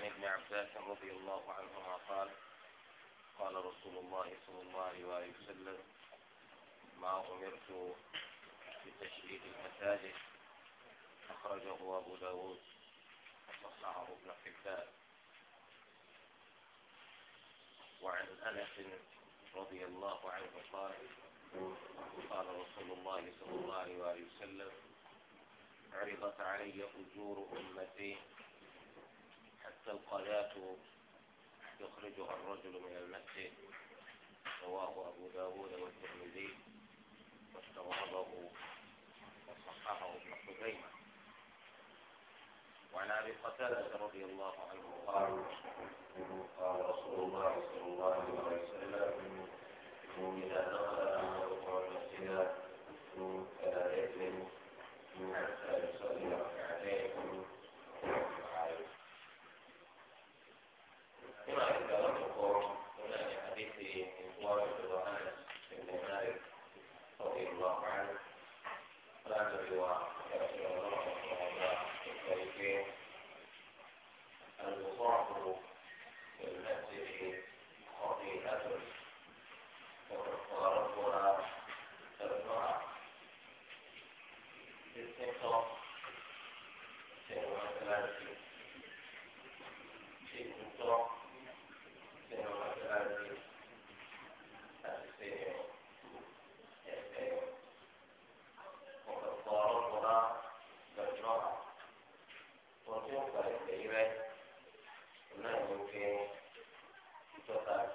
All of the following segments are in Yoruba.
عن ابن عباس رضي الله عنهما قال قال رسول الله صلى الله عليه وسلم ما أمرت بتشريد المساجد أخرجه أبو داود وصححه ابن حبان وعن أنس رضي الله عنه قال قال رسول الله صلى الله عليه وسلم عرضت علي أجور أمتي القذاة يخرجها الرجل من المسجد رواه أبو داود والترمذي واستوعبه وصححه ابن خزيمة وعن أبي قتادة رضي الله عنه قال قال رسول الله صلى الله عليه وسلم إذا دخل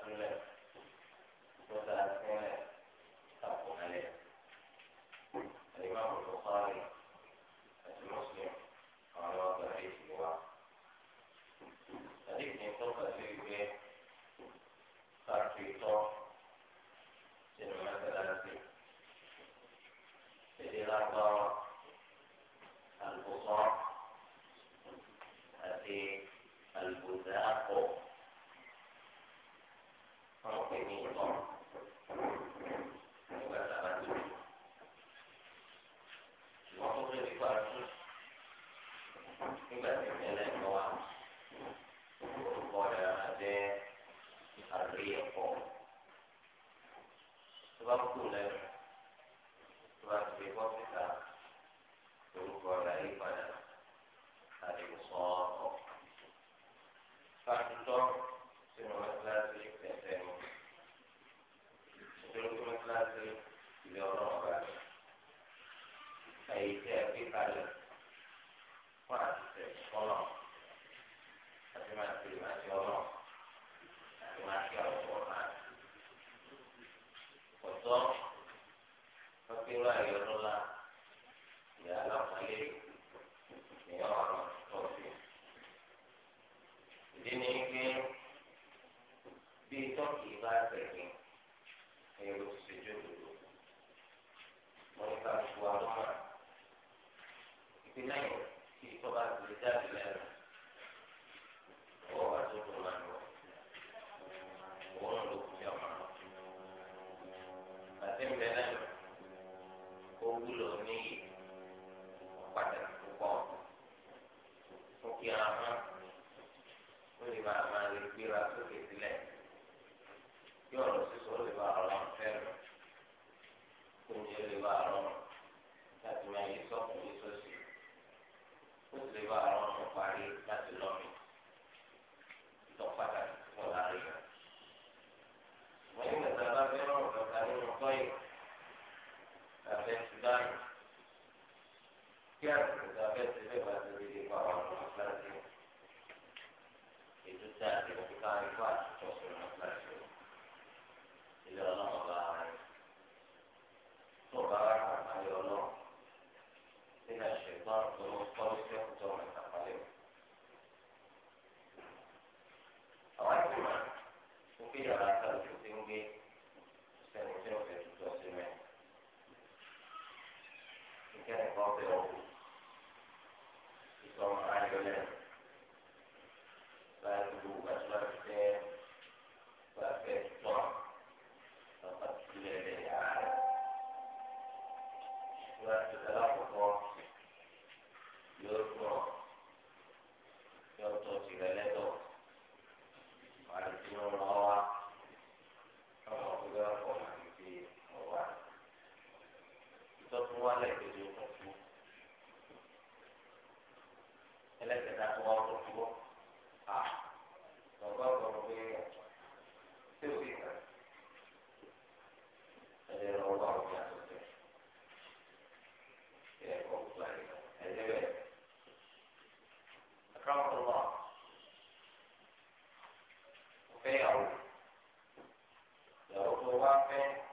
sílẹ̀. wọn fẹ́ ọ̀hún ìtọ́ wọn bá yọ lẹ́nu báyìí gbogbo gbàtúrà ti tẹ́ bá fẹ́ tọ́ lọ́pàá ti tilẹ̀ lẹ̀ yàrá rẹ̀ ìtura ti tẹ́lá kọ̀kọ́ yóò tọ̀ yóò tọ̀ tìrẹ lẹ́tọ̀ wà á ti rán lọ́wọ́ wá ọmọ ọ̀gbẹ́ ọkọ̀ máa ń fi ọ̀wá ìtọ́jú wálẹ̀ tó fẹ́.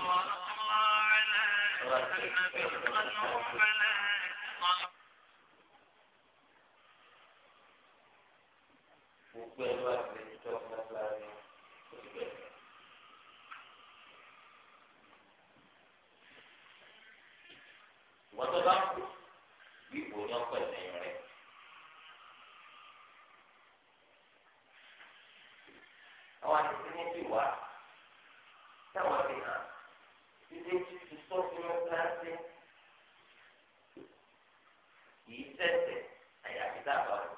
gbogbo ẹ bá ti di tó ọmọ láàrin gbogbo ẹ. wọ́n tó bá kú ipò ní ọkọ̀ ẹ̀mẹ́yìn rẹ̀. àwọn àti sinmi ti wá táwọn ti hàn kejì ti sọ fún ọ láti kì í tẹ̀sẹ̀ àyàfi dábàá rẹ̀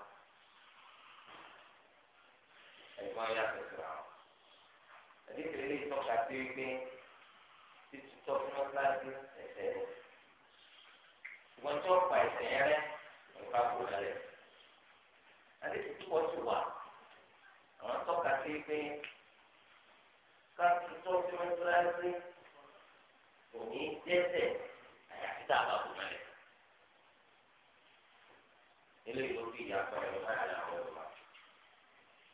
ẹ̀gbọ́n yà tẹ̀sẹ̀ àwọn àdéhùn ilé ìtọ́ka sí wípé títí tọ́ fún ọ láti ẹ̀sẹ̀ rẹ̀ ìwọ̀n tó pa ẹ̀sẹ̀ yẹn rẹ̀ nípa kò lálẹ́ kò dẹ́sẹ̀ àyàfi tá a bá kú mẹ́lẹ̀. eléyìí ló fi ìyàtọ̀ ẹ̀rọ náà làwọn ọ̀rọ̀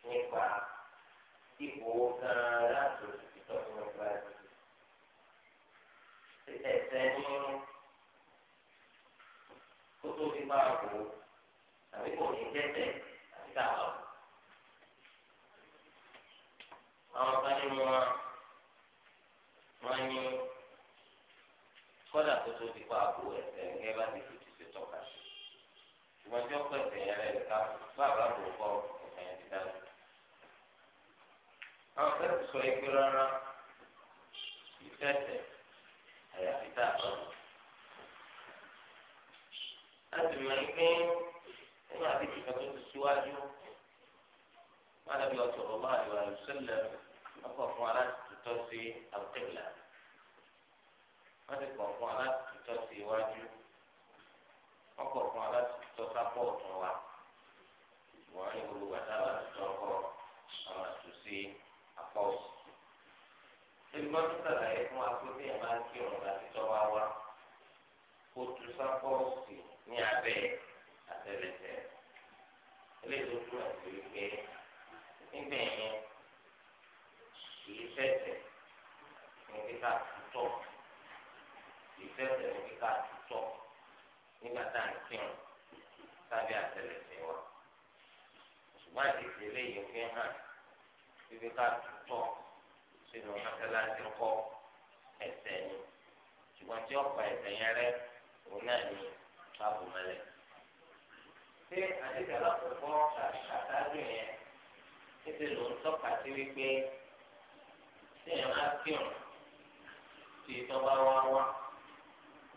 nípa ipò gan-an láti òṣìṣẹ́ tó ń gba ẹsẹ̀ ní kótó fi máa wò àbí kò ní dẹ́sẹ̀ àti tá a bá kú. àwọn kan nínú wa wọ́n ní. kọ́dà tó tó ti kọ́ àbò ẹ̀sẹ̀ ẹ̀ bá ti fìdí ṣe tọ́ka sí. ṣùgbọ́n tí ó pẹ̀ ẹ̀sẹ̀ yẹn rẹ̀ ká bàbá kò kọ́ ẹ̀sẹ̀ yẹn ti dáná. àwọn fẹ́ẹ́ ti sọ ẹgbẹ́ rárá ìfẹ́sẹ̀ àyàfi tá a sọ. a sì mọ̀ pé nínú àdéhùn kan tó ti síwájú wọn àdàbí ọ̀sọ̀rọ̀ máa lò àlùsọ̀lẹ̀ ọkọ̀ fún aláàtútọ́ sí àlùkẹ́lẹ̀. wọ́n ti kọ̀ fún alátìtọ́ sí iwájú wọ́n kọ̀ fún alátìtọ́ sápọ̀ ọ̀tún wa wọ́n ní olùgbàdá alátìtọ́ kọ́ àwọn àtúnṣe apá òsì. Ṣèlúgbọ́n tó sàlàyé fún akéwì ẹ̀ máa ń kí ọ̀rọ̀ àtìtọ́ wa wá kó tu sápọ̀ òsì ní abẹ́ àtẹlẹsẹ̀. Eléyìí tó túmọ̀ sí wípé níbẹ̀ yẹn kì í fẹsẹ̀ ní kíkà tó tọ̀ ìfẹ́ tẹ̀lé kíkà tó nígbà tá à ń kírun sábẹ́ àtẹlẹsẹ̀ wa ṣùgbọ́n àdìsí eléyìí fi hàn fífi ká tó sínú mọ́sálásí kọ́ ẹsẹ̀ ni ṣùgbọ́n tí ọ̀pọ̀ ẹsẹ̀ yẹn rẹ òun náà ni báàbò mọ́lẹ̀. ṣé àdìsí alákòókò àtàlù yẹn níbi ló tọ́ka sí wípé tí èèyàn á kírun tí ìtọ́ bá wá wá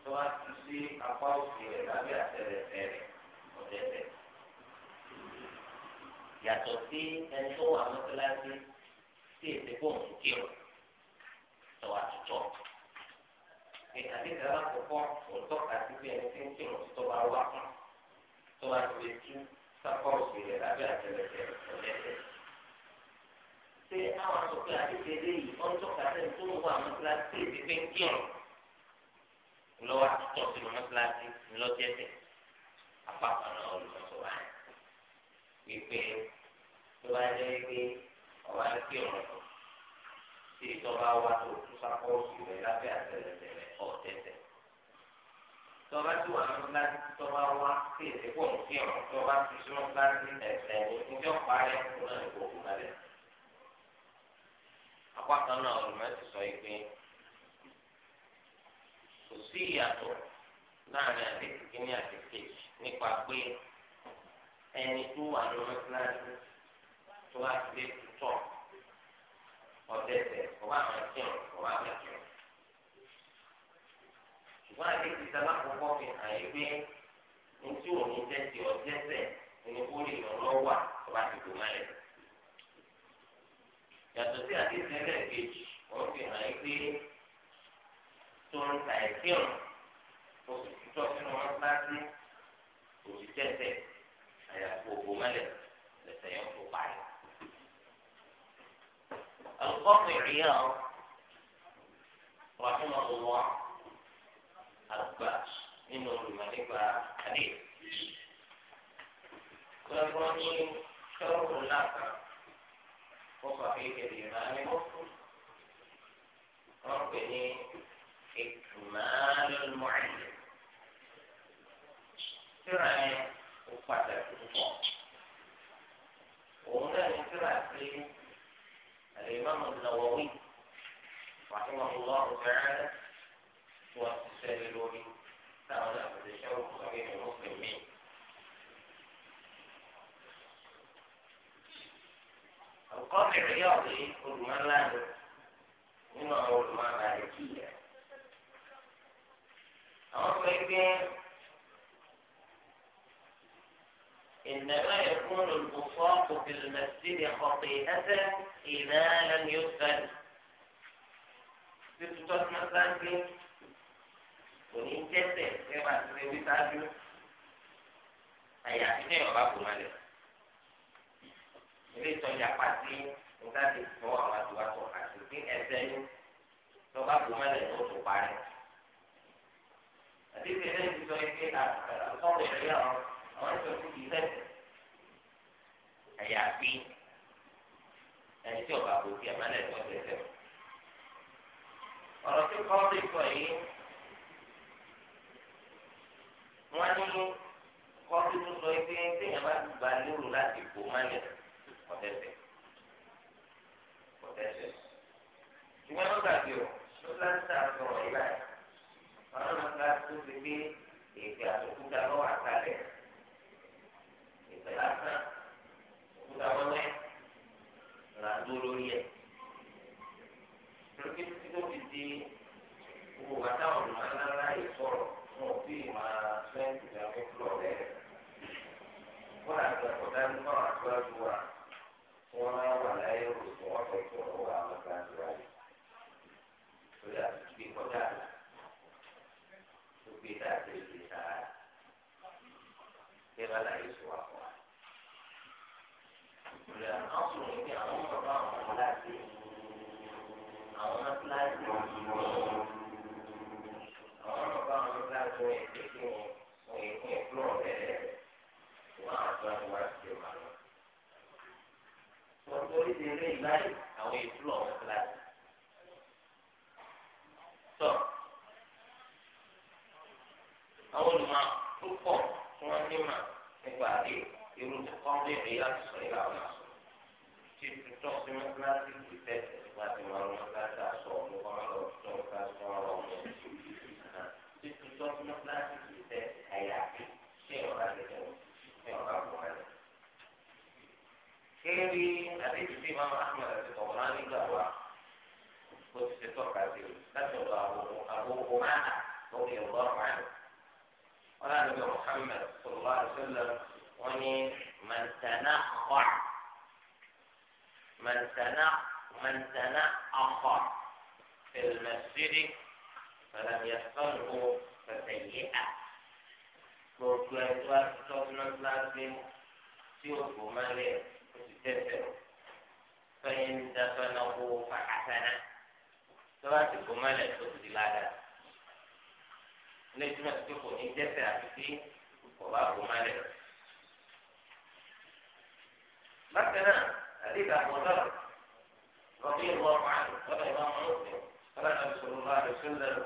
tó wá ti sí apá òsì rẹ̀ lábẹ́ àtẹlẹsẹ̀ rẹ̀ ọ̀dẹ́dẹ́. yàtọ̀ sí ẹni tó wà mọ́tíláṣí sí èsì bóun kírun tó wà tutọ́. ní àdéhùn alákọ̀ọ́kọ́ òótọ́ àti bí ẹni tí ń kírun tó bá wà fún tó wá ti lè tú sápá òsì rẹ̀ lábẹ́ àtẹlẹsẹ̀ ọ̀dẹ́dẹ́ ṣé àwọn àtọ̀kẹ́ àti tẹ̀lé yìí ọ̀n tọ́ka sẹ́ni tó ń wà mọ́tíláṣí sí èsì pé ńlọ́wọ́ àtúntò sínú mọ́sálásí ńlọ́jẹ́sẹ̀ apákan náà olùsọ̀sọ̀ wa wípé tó bá jẹ́ pé ọba ń kí ọ̀rọ̀ tí ìtọ́ba wa tó tún sápọ́ọ̀sì rẹ̀ lábẹ́ àtẹlẹsẹ̀rẹ̀ ọ̀tẹ̀tẹ̀ tọ́ba tí wà nínú láti tọ́ba wá sí ìdíkọ̀ sí ọ̀rọ̀ tọ́ba tí sínú láti ẹ̀sẹ̀ ìdíjọ́ parí ọ̀rọ̀ náà ìkòkò kalẹ̀ apákan náà olùmọ̀ ti sọ yìí pé. kò sí ìyàtọ̀ láàrin àdéhùn kínní àti kejì nípa pé ẹni tó wà ní mọ́sálásí tó wá sílé tutọ́ ọ̀dẹ̀dẹ̀ ọba àwọn ẹ̀kẹ́wọ̀n ọba àwọn ẹ̀kẹ́wọ̀n. ṣùgbọ́n àdéhùn ìsára kọ́kọ́ fi hàn yí pé ní tí ọ̀dẹ́sẹ̀ ẹni kó lè ọba ti yàtọ̀ tó ń ta ó sì tutọ́ sínú wọn láti òsì tẹ́tẹ́ àyàfó ògbó mẹ́lẹ̀ lẹ́sẹ̀ yẹn kó parí. القاضي عياض رحمه الله الباش إنه الملك حديث والرجل شر لك وصحيح الإيمان مسلم ربني إكمال المعلم ترى وفترة الفوق وهنا ترى الإمام النووي رحمه الله تعالى والسلولي تعالى بشرف صحيح مسلم منه القاضي الرياضي كل من له من علماء مالكيه àwọn sọ pé إنما يكون البصاق في المسجد خطيئة إذا لم يغسل. تتوت مثلا òní jẹsẹ ẹ bá ti lè wí sáájú àyà àti kéèyàn bá kù mọ́lẹ̀ ilé ìtọ́jà pàtí nígbà tí fún àwọn àdúrà tó àti pé ẹsẹ̀ yín tó bá kù mọ́lẹ̀ ló tó parẹ́ حديث النبي صلى الله عليه وسلم القول الرياض أو أنت في ذلك àyàfi ẹni tí ọba kò fi ẹ máa lẹsọ tẹsẹ ọ̀rọ̀ tí kọ́ ti sọ yìí wọ́n ní kọ́ ti tún sọ pé téèyàn bá gba lérò láti kó má lẹ ọ̀tẹ̀sẹ̀ ọ̀tẹ̀sẹ̀ ṣùgbọ́n ló o ló ìlànà àwọn mọ́sálásí tó ti gbé èké àtòkúta lọ́wọ́ àtàlẹ̀ ìpẹ̀lẹ́ àtàn òkúta wọlé ràdó lórí ẹ̀ lórí títí tó fi di gbogbo bàtà ọ̀dùnmọ́ ńláńlá yìí sọ̀rọ̀ fún òbí máa twenty twenty four rẹ̀ wọ́n àti ọ̀dà ní wọ́n àti ọ̀dù wa wọ́n máa wà láyé òṣùwọ̀n ọ̀fẹ́ tó ọ̀rọ̀ wa àwọn kan ti wáyé lórí àti ìgbé kọjá àti níbi tá a ti lè sára kí lọ́la yìí sọ wà fún wa. Ìrìn àwọn ọ̀sùn yìí ni àwọn ọmọ bá wọn kọ́ láti àwọn ọmọ kíláàsì wọn ní àwọn àwọn olùmọ̀ tó pọ̀ tí wọ́n ní mà nípa àdé irú kọ́ńdé ìyá sọ ìlà ọ̀nà sọ. tí tuntun sí wọn kíláàsì ti tẹ̀ nípa tí wọn lọ kíláàsì àṣọ ọ̀hún kọ́ máa lọ tó kíláàsì wọn lọ ọ̀hún. tí tuntun sí wọn kíláàsì ti tẹ̀ àyàfi ṣé ọ̀rá lè tẹ̀ wọ́n ṣé ọ̀rá bọ̀ wọ́n lẹ̀. gẹ́gẹ́ bí àdéhùn sí ìmọ̀ ahmed àti ọ̀rá nígbà wa bó ti ṣe tọ́ka sí láti ọ̀dọ̀ àbòkù àbòkù máa ونبي محمد صلى الله عليه وسلم وني من تنخع من تنع من تنعق في المسجد فلم يحصله فسيئة gbogbo ẹni wá tọ́jú náà láti tí òògùn máa lè oṣù tẹ̀sẹ̀ o fẹ́yìn dáfẹ́ náà kó fàkàtà náà tó bá ti kó má lẹ̀ tó ti lára. lẹ́tìmọ̀ tí kò ní jẹ́sẹ̀ àti tí kò bá kò má lẹ̀. bákan náà àdéhùn àkọ́tọ́ rọ́bí ìwọ̀n máa ń tọ́lá ìwọ̀n máa ń sè tọ́lá náà sọ̀rọ̀ bá rẹ̀ sílẹ̀.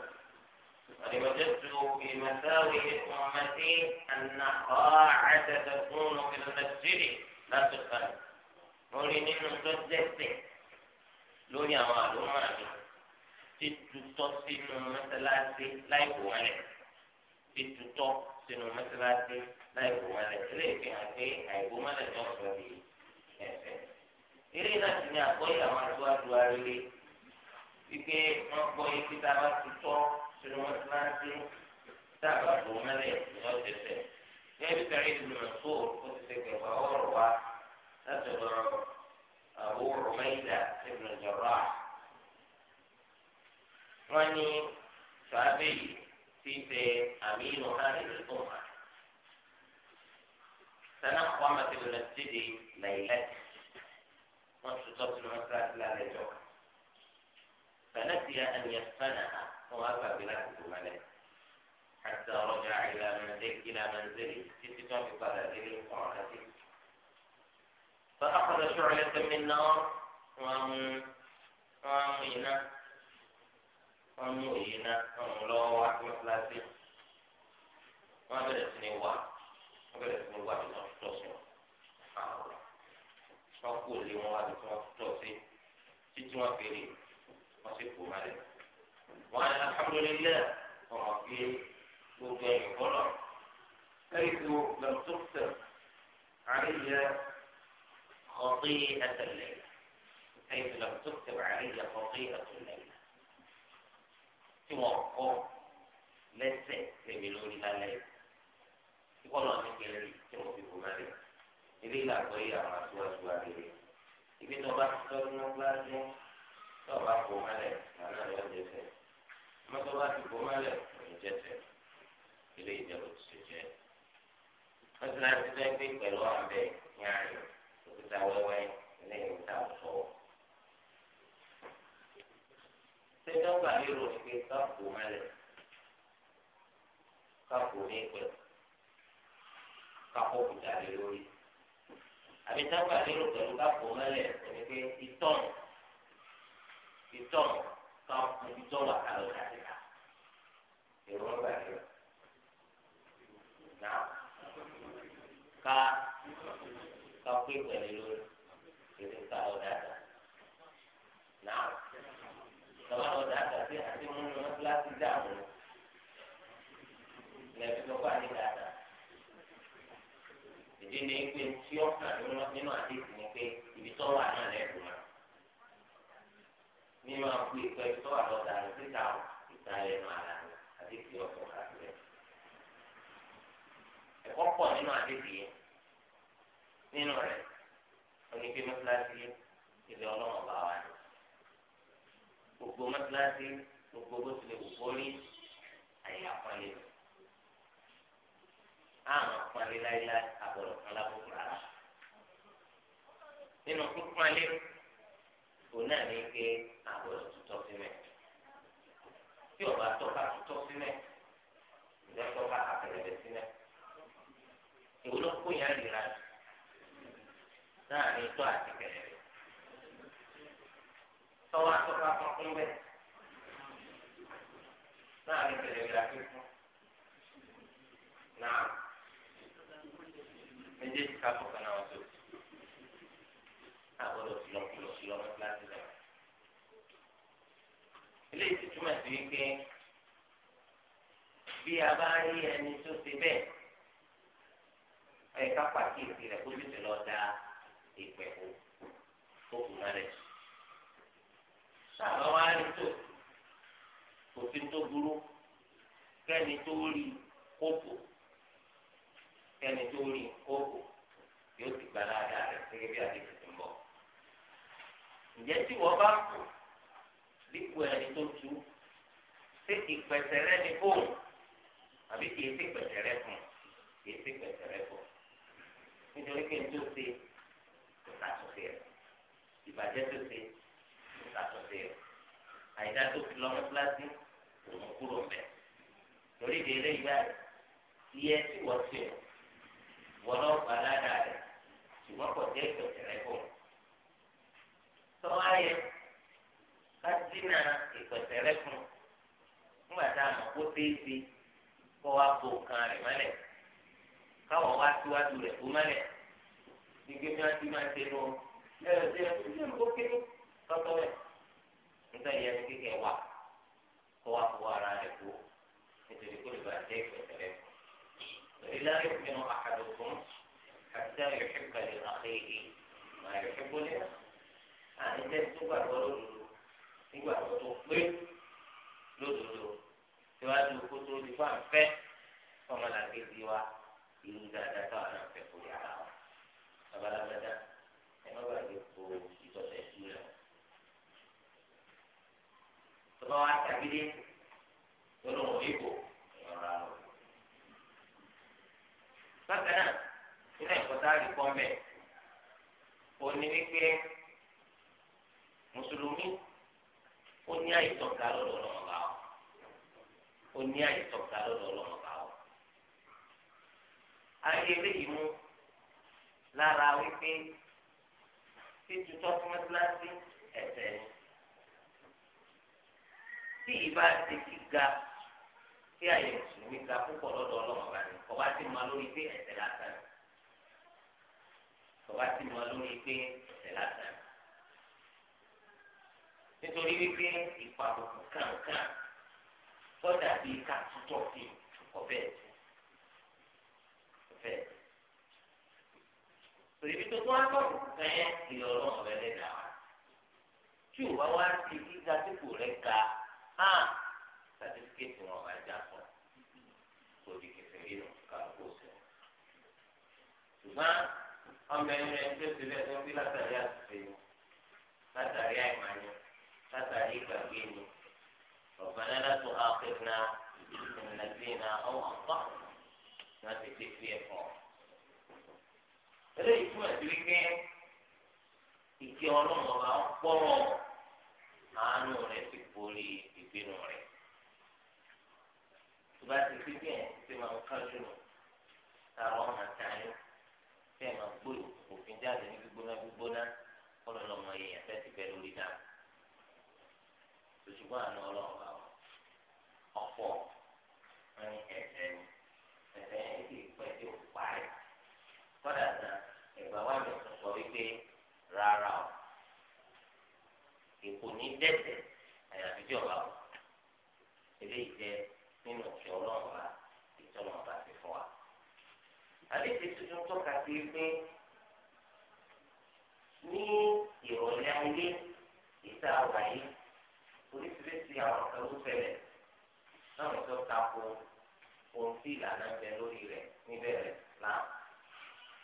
وقد وجدت في مساوي أمتي أن قاعة تكون في المسجد لا تقل lórí nínú tó dẹ́ṣẹ̀ lórí àwọn àlùmọ́ àmì títú tọ́ sínú mọ́sálásí láì wọlé. títútọ́ sínú mọ́sálásí láì bò mọ́lẹ̀ eléyìí fi hàn pé àìbò mọ́lẹ̀ tó sọ di ẹ̀fẹ̀. eléyìí náà ti ní àkọ́yé àwọn aṣáájú arére wípé wọ́n kọ́ ibi tá a bá tutọ́ sínú mọ́sálásí tá a bá bò mọ́lẹ̀ ìyá ọ̀dẹ̀fẹ̀. gẹ́gẹ́ bí sẹ́rí ìlú mọ̀tò ó ti ṣe kẹfà ọ̀rọ̀ wa láti ọ̀dọ̀ Abu Umayda ibn Jarrah. ní sàbẹ̀yìí فيه أمين هذه الأمة تنقم في المسجد ليلته واشتطت المساجد لا ليجوك فنسي أن يدفنها وأتى بلحظة ملك حتى رجع إلى منزله إلى منزله في كتاب صلاته وقراءته فأخذ شعلة من نار وأم وأمينة wọn ní òye náà wọn mú lọ́wọ́ wá sí kíláàsì wọn bẹ̀rẹ̀ sí ní wá wọn bẹ̀rẹ̀ sí ní wá bí wọn tọ́ sí wọn wọn kú òlé wọn wá bí wọn tọ́ sí títí wọn fèrè wọn sì kú má lẹ wọn ní alhamdulillah wọn mọ pé gbogbo ẹ̀yìn bọlọ ẹ̀yìn tó lọ tó tẹ àríyá خطيئة الليل حيث لم تكتب علي خطيئة الليل tí wọn kọ lẹ́sẹ̀ lèmi lórí lálẹ́ tí kọlọ ní kẹrin tí wọn fi bò má lẹ ilé ìlàgbọ yìí àwọn aṣíwájú wa lè ibi tó bá tọ́jú wọn bá dé tó bá bò má lẹ nàná rẹ ọjọ́ ẹsẹ̀ mọ́tò bá ti bò má lẹ ọjọ́ ẹsẹ̀ ilé ìjọba ti ṣe jẹ wọn ti láti dẹ́gbẹ́ pẹ̀lú àwọn bẹ́ẹ̀ ní àná òkúta wẹ́wẹ́ ilé ìwòsàn sọ̀rọ̀. ṣé dọ́gba lérò ni pé káàpù mẹ́lẹ̀ káàpù ní ìpẹ́ káàpù kùtà lé lórí àbí dọ́gba lérò pẹ̀lú káàpù mẹ́lẹ̀ ni pé ìtọ́n ìtọ́n káàpù ìtọ́ wà kálọ̀ kàtìkà èrò ọgbà lérò náà ká ká pé lórí. ní pé tí ó kàn nínú àdéhùn ni pé ibi tó wà náà lẹ́kùn náà ní máa kú ìpẹ́ ibi tó wà lọ́dà rẹ̀ síta ìta ẹnu ara rẹ̀ àdéhùn ọ̀pọ̀ kàkiri ẹ̀kọ́ pọ̀ nínú àdéhùn yẹn nínú rẹ̀ onígbé mọ́tíláṣí ilé ọlọ́run bá wà ní gbogbo mọ́tíláṣí gbogbo bó tilẹ̀ kò kórí àyè àpọ́nlé mi àmọ́ fún alẹ́ láéláé àbọ̀rọ̀ fún alábòkù rárá. nínú fúnfún alẹ́ òun náà ní pé àbọ̀rọ̀ tuntun sí mẹ́. tí ọba tọ́ka tuntun sí mẹ́ ìjọ tọ́ka àtẹ̀lẹ́dẹ̀ sí mẹ́. èwo ló kó yẹn rírà láàrin tó àti kẹ̀lẹ́. tọ́wọ́ atọ́ka fún bẹ́ẹ̀ láàrin kẹ̀lẹ́ rírà fífún. Now méjèèjì ká fọkàn náà tó àwọn olùsìlọ́kùlọ̀ sílọ́ mọ́ kíláàsì náà. eléyìí ti túmọ̀ sí wípé bí a bá rí ẹni tó ṣe bẹ́ẹ̀ ẹ̀ka pàkíyèsí rẹ̀ kó tètè lọ da ìpẹ̀ o tó kù náà rẹ̀. sábà wá rí tó òfin tó burú kẹ́ni tó rí kóòpù kẹ́ni tó rí kókò yóò ti gba dáadáa rẹ̀ gẹ́gẹ́ bí adé tuntun bọ̀. ǹjẹ́ tí wọ́n bá kù dípò ẹni tó tu ṣé ìpẹ̀sẹ̀ rẹ ni fóun àbí kìí ṣe pẹ̀sẹ̀ rẹ fún kìí ṣe pẹ̀sẹ̀ rẹ fún nítorí pé ní tó ṣe kò sàtúnṣe rẹ̀ ìbàjẹ́ tó ṣe kò sàtúnṣe rẹ̀ àyíká tó fi lọ́mọ kíláàsì òun kúrò mẹ́ torí ìdílé ìgbà yẹ tí wọ́n ṣe wọn náà gba dáadáa rẹ ṣùgbọ́n kò jẹ́ ìtọ̀jẹ̀ rẹ bọ̀. sọ́wọ́ ayẹ ká dínà ìtọ̀jẹ̀ rẹ fún nígbà tá a mọ̀ kó téèsì kó wá bo nǹkan rẹ̀ mọ́lẹ̀ káwọn wá síwájú rẹ̀ bó mọ́lẹ̀ gbígbé bí wọ́n ti máa ṣe lọ ẹ ẹ ṣe ẹ kó kéde tọ́tọ́ rẹ̀ nígbà yẹn kékeré wà kó wá fọwọ́ ara rẹ̀ bó nítorí kó lè bàjẹ́ ìtọ̀jẹ̀ rẹ̀ bó. لا يؤمن أحدكم حتى يحب لأخيه ما يحب لنفسه أنت تبغى لوdodo nígbà tó tó pé lódodo síwájú kó tó di fún àfẹ́ ọmọlàkejì wa ìlú dáadáa táwọn náà fẹ́ kó yàrá wa babalábẹ́dá ẹ má bàjẹ́ kó ìtọ́sẹ̀ sí rẹ̀ tọ́ba wa tàbí dé lọ́nà òyìnbó. bákan náà nínú ẹ̀kọ́ tá a lè kọ́ mẹ́ o ní wípé mùsùlùmí ó ní àìsọ̀ká lọ́dọ̀ ọlọ́mọba ọ ó ní àìsọ̀ká lọ́dọ̀ ọlọ́mọba ọ. ayé eléyìí mú lára wípé títútọ́ fún mẹ́tíláṣí ẹ̀sẹ̀ tí ìbá ti kíga kí àyè mùsùlùmí ga púpọ̀ lọ́dọ̀ ọlọ́run bá ní ọba ti mọ lórí pé ẹ̀ṣẹ̀ lásán ọba ti mọ lórí pé ẹ̀ṣẹ̀ lásán nítorí wípé ìpàbùkù kàǹkàn sọ́dà bíi ká tútọ̀ sí ọ̀bẹ ẹ̀sìn ọ̀bẹ ẹ̀sìn torí bí tó tún kẹ́yẹ́ ìlọ ọlọ́run rẹ lẹ́dàá wa tí ò bá wá ti gíga dípò rẹ ga hàn ah, sàtífíkẹ́tì wọn máa já fún. ṣùgbọ́n ọmọ ẹni ẹni tó ti bẹ́ẹ̀ tó ń bí látàrí àtúnṣe ni látàrí àìmọ̀ni látàrí ìgbàgbé ni ọ̀gbọ́n látò àpẹẹrẹ ìnàgbéna ọmọ ọ̀pá láti ti fi ẹ̀kọ́. eléyìí túmọ̀ sí wípé ìkẹ́ ọlọ́run ọba ń pọ̀rọ̀ àánú rẹ̀ ti borí ìbínú rẹ̀. tó bá ti fi bẹ́ẹ̀ ṣe máa kájú nù táwọn ọmọ táyọ̀ fẹ́ẹ̀ máa gbó òfin jáde ní gbígbóná gbígbóná ọlọ́lọ́mọ èèyàn fẹ́ẹ́ ti bẹ́ẹ̀ lórí náà ṣùgbọ́n àná ọlọ́run bá wọn ọ̀pọ̀ wọn ní ẹ̀sẹ̀ ni ẹ̀sẹ̀ yẹn kì í pẹ́ tí ó parí kọ́dà náà ẹ̀gbà wa mi tún sọ wípé rárá o èkó ní dẹ́sẹ̀ àyàfi tí ọba o eléyìí jẹ́ nínú òfin ọlọ́run bá àdéhùn tuntun tọ́ka sí pé ní ìrọ̀lẹ́ ayé ìta wáyé oríṣiríṣi àwọn kan ló fẹ́lẹ̀ náà tó tako ohun tí ìlànà bẹ lórí rẹ̀ níbẹ̀ rẹ̀ náà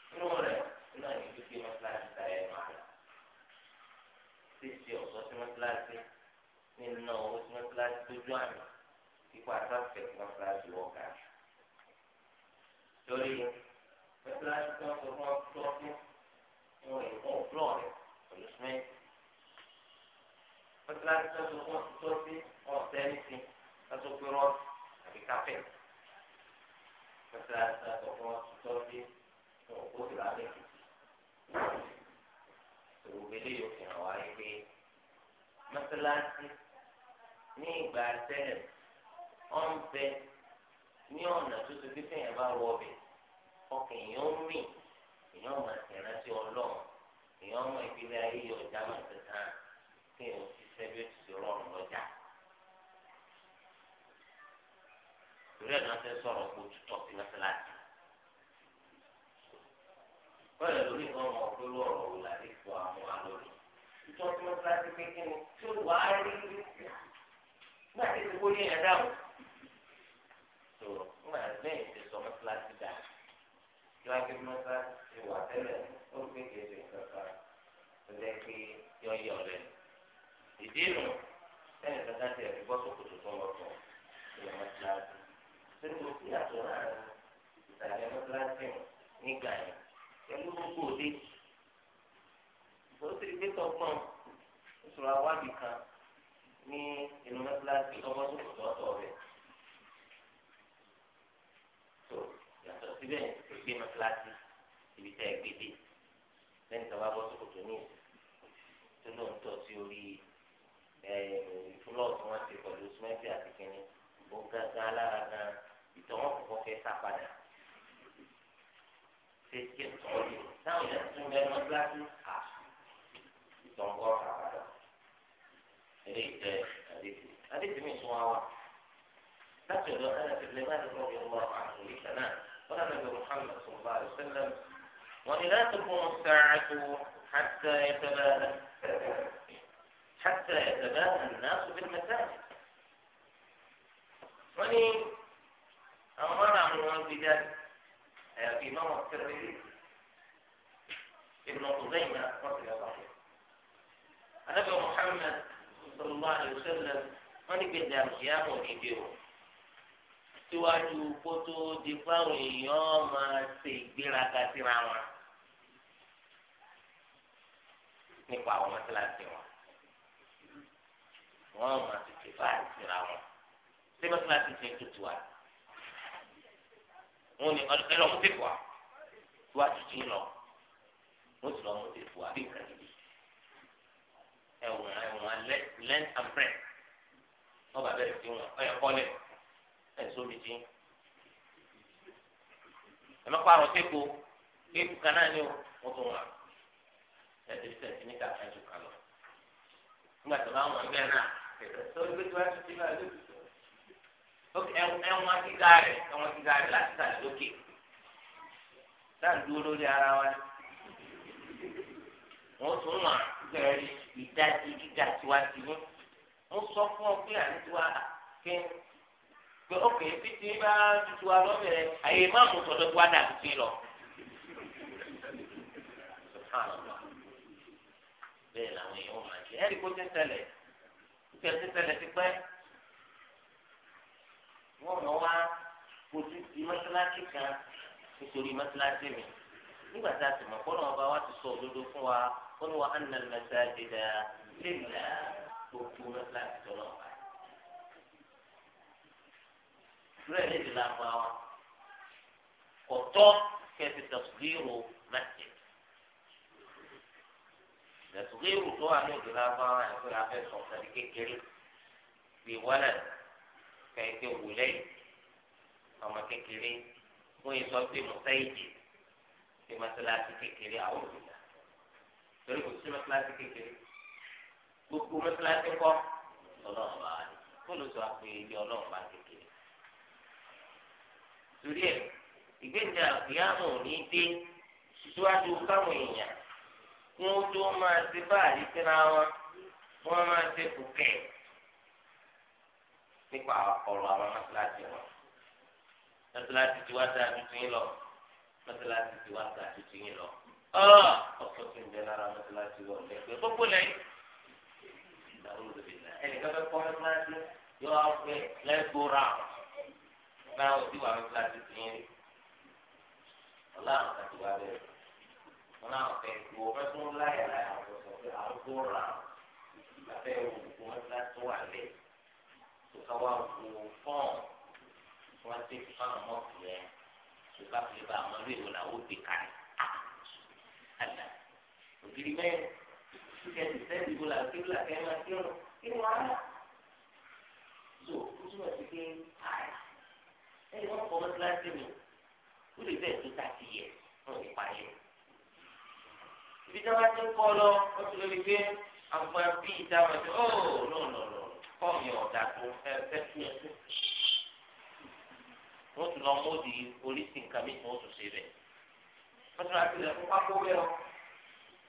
nínú rẹ̀ náà ní fífi mọ́tíláṣí ta ẹ̀ máa rà ṣíṣe ọ̀sọ́ sí mọ́tíláṣí nínú owó sí mọ́tíláṣí tójú àmì kíkọ́ àtàkùn sí mọ́tíláṣí wọ́ọ̀kà torí mẹsàlásì tó ń sọ fún ọtí tó fún ìwọ̀n ìwọ̀n òfúlọ̀ rẹ̀ pẹ̀lú sìmẹ́ntì mẹsàlásì tó ń sọ fún ọtí tó fún ọ̀tẹ́ nìsín lásọ pé rọ́ọ̀tì àbí káfẹ́ mẹsàlásì tó ń sọ fún ọtí tó fún òkúti lábẹ́ kìkì òwúrọ̀ eléyìí òfin àwọn ayé pé mẹsàlásì ní ìgbà ọ̀nà tó ti fi bá wọ ọbẹ̀ ọkàn èèyàn ń rìn èèyàn máa tẹ̀rántí ọlọ́run èèyàn mọ ìpínlẹ̀ ayé yọ ọjà máa tẹ̀sán kí èèyàn ti sẹ́bí ti rọrùn lọ́jà. torí ẹ̀ náà fẹ́ sọ̀rọ̀ kó tutọ́ sí mẹ́sàlásì. bọ́ọ̀lù lórí kan mọ̀ pé lọ́rọ̀ wò láti fọ àwọn alórí. tutọ́ sí mẹ́sàlásì pé kí ni tí ó wà á rí nígbà tí ìdíkó ẹ̀dá o. tó nígbà bẹ́ẹ̀ ti sọ mẹ́sàlásì dáa yóò wáyé bí mọ́tà ti wà tẹ́lẹ̀ ó ń pè kéde kankan tó jẹ́ pé yọ yọ rẹ̀. ìdí nù sẹ́yìn kankan ti ẹ̀fí bọ́ sókòtò tó lọ sọ ìyẹn mọ́tíláṣí. sínú sí àtúnrà ìtàgé mọ́tíláṣí nígbà yẹn pẹ̀lú gbogbo òde. ó sì gbé tọkàn ìṣòro awádìí kan ní inú ọmọ sókòtò ọ̀tọ̀ rẹ̀. síbẹ̀ gbé ní kíláàsì ibi tẹ́ ẹ gbé dé lẹ́yìn tó bá bọ́ sòkòtò ní tó lóun tọ́ sí orí fúlọ́ọ̀ tí wọ́n ti pẹ̀lú símẹ́ǹtì àti kínní ó gángan alára gan ìtọ́ wọn kò fẹ́ sá padà ṣe kí n tọ́ yìí táwọn yẹn tún bẹ́ẹ̀ ní kíláàsì à ìtọ́ ń gbọ́ sá padà ilé ìtẹ́ àdéhùn àdéhùn mi tún wá wà láti ọ̀dọ̀ ẹ̀rẹ́ fìlẹ́ bá ولا محمد صلى الله عليه وسلم وإلا تقوم تكون الساعة حتى يتباهى حتى يتباهى الناس بالمساجد وني أمر من بذلك في إمام الترمذي ابن خزيمة رضي الله عنه النبي محمد صلى الله عليه وسلم وني بذلك يا مؤمنون síwájú kótó di fáwọn èèyàn máa ṣe ìgbéraga síra wọn nípa àwọn mọ́tíláṣí wọn wọn máa ti tètè báyìí síra wọn ṣé mọ́tíláṣí ti ń tutù wa wọn ni ẹlọ mú tèpọ̀ wá tutù lọ wọn sì lọ mú tèpọ̀ wá bí nǹkan yìí ẹwọn ẹwọn lẹ́ǹtà brẹ̀ wọn bàbá ẹ̀ fi wọn ọ̀yẹ̀kọ́lẹ̀. ẹ̀sọ́ dín ẹ̀mí pààrọ̀ tẹ́kù tẹ́kù kan ni ó tún wà ẹ̀sẹ̀ ìṣẹ̀lẹ̀ níta ẹ̀jú nígbà tó bá wọn bẹ́ẹ̀ náà ẹ̀sọ́ tó ti ti ẹ̀wọ̀n rẹ̀ ẹ̀wọ̀n rẹ̀ láti sàlẹ̀ lókè ń dúró lórí ara wa wọ́n tún wà ìdájí tiwa ti mú mo sọ fún ọ pé pé ókè títí bá tutù wa lọ́bẹ̀rẹ̀ àyè má mú tọ́jọ́ tó wá dà sí lọ. bẹ́ẹ̀ làwọn èèyàn máa ṣe ẹ́rì kó ti ń tẹ̀lẹ̀ kí ẹ ti pẹ́. wọ́n mọ̀ wá kojú di mọ́sálásí kan nítorí mọ́sálásí mi nígbà tá a sì mọ̀ kọ́nà ọba wa ti sọ òdodo fún wa ó ní wa anna al-masajida lillah gbogbo mọ́sálásí tọ́lọ́ ọba rẹ̀ lè di làǹfà wa kò tọ́ kẹfì tẹ̀síwìrò mẹ́tẹ̀ tẹ̀síwìrò tó wà ní òdì làǹfà wa yẹn fún afẹ́ sọ̀tẹ̀ ní kékeré bí wọ́lẹ̀ kẹ̀kẹ́ wòlẹ́ ọmọ kékeré fún yìí sọ pé mọ̀sáìdì ṣe mọ́sálásí kékeré àwọn òbílà torí kò sí mọ́sálásí kékeré gbogbo mọ́sálásí kọ́ ọlọ́run bá wà ní kó ló sọ pé ilé ọlọ́run bá kékeré torí ẹ̀ ìgbéǹde àkúyàmù ní dé síwájú káwọn èèyàn kí wọ́n tó máa ṣe báàlì síra wọn wọ́n máa ṣe kùkẹ́ nípa ọ̀rọ̀ àwọn mọ́sálásí wọn mọ́sálásí ti wá dáa tuntun yín lọ mọ́sálásí ti wá dáa tuntun yín lọ ọ̀pọ̀ tó ń bẹ lára mọ́sálásí wọn lẹ́gbẹ̀ẹ́ gbogbo lẹ́yìn ẹnìkan fẹ́ kọ́ mọ́sálásí yóò wá pẹ́ lẹ́gbọ́ra gbára wọn ti wà ní kíláàsì tìyẹn rí wọn láwọn kan ti wá bẹ́ẹ̀ wọn láwọn fẹ́ wọ fẹ́ tó ń láyà láyà wọn sọ pé àwọn tó rà lábẹ́ òkú wọn ti tó wà lẹ̀ tó ká wá òkú fọ́ọ̀n wọn ti fáwọn mọ́ọ̀kì yẹn tó ká fi bá àwọn ilé ìwòlá ó ti kà àdá ògiri mẹ́rin tó kẹ́sì sẹ́ẹ̀dì ìwòlá kí ó là kẹ́ máa kí ọ̀rọ̀ kí wọ́n á lọ. so ó túmọ̀ sí pé àyà ẹni wọ́n kọ́ mọ́tíláṣí mi ó lè bẹ́ẹ̀ tó tà sí yẹ wọ́n lè pa yẹ. ibi tí wọ́n ti ń kọ́ lọ wọ́n ti lórí pé àwọn bíi ìta wọn ti ó lọ́nà fọ́ọ̀mù ọ̀dà tó ẹ fẹ́ sí ẹ wọ́n tún lọ mọ́ọ̀dì oríṣi nǹkan mi tí wọ́n tún ṣe bẹ̀. wọ́n tún láti lẹ̀ fún pákó bẹ́ẹ̀ o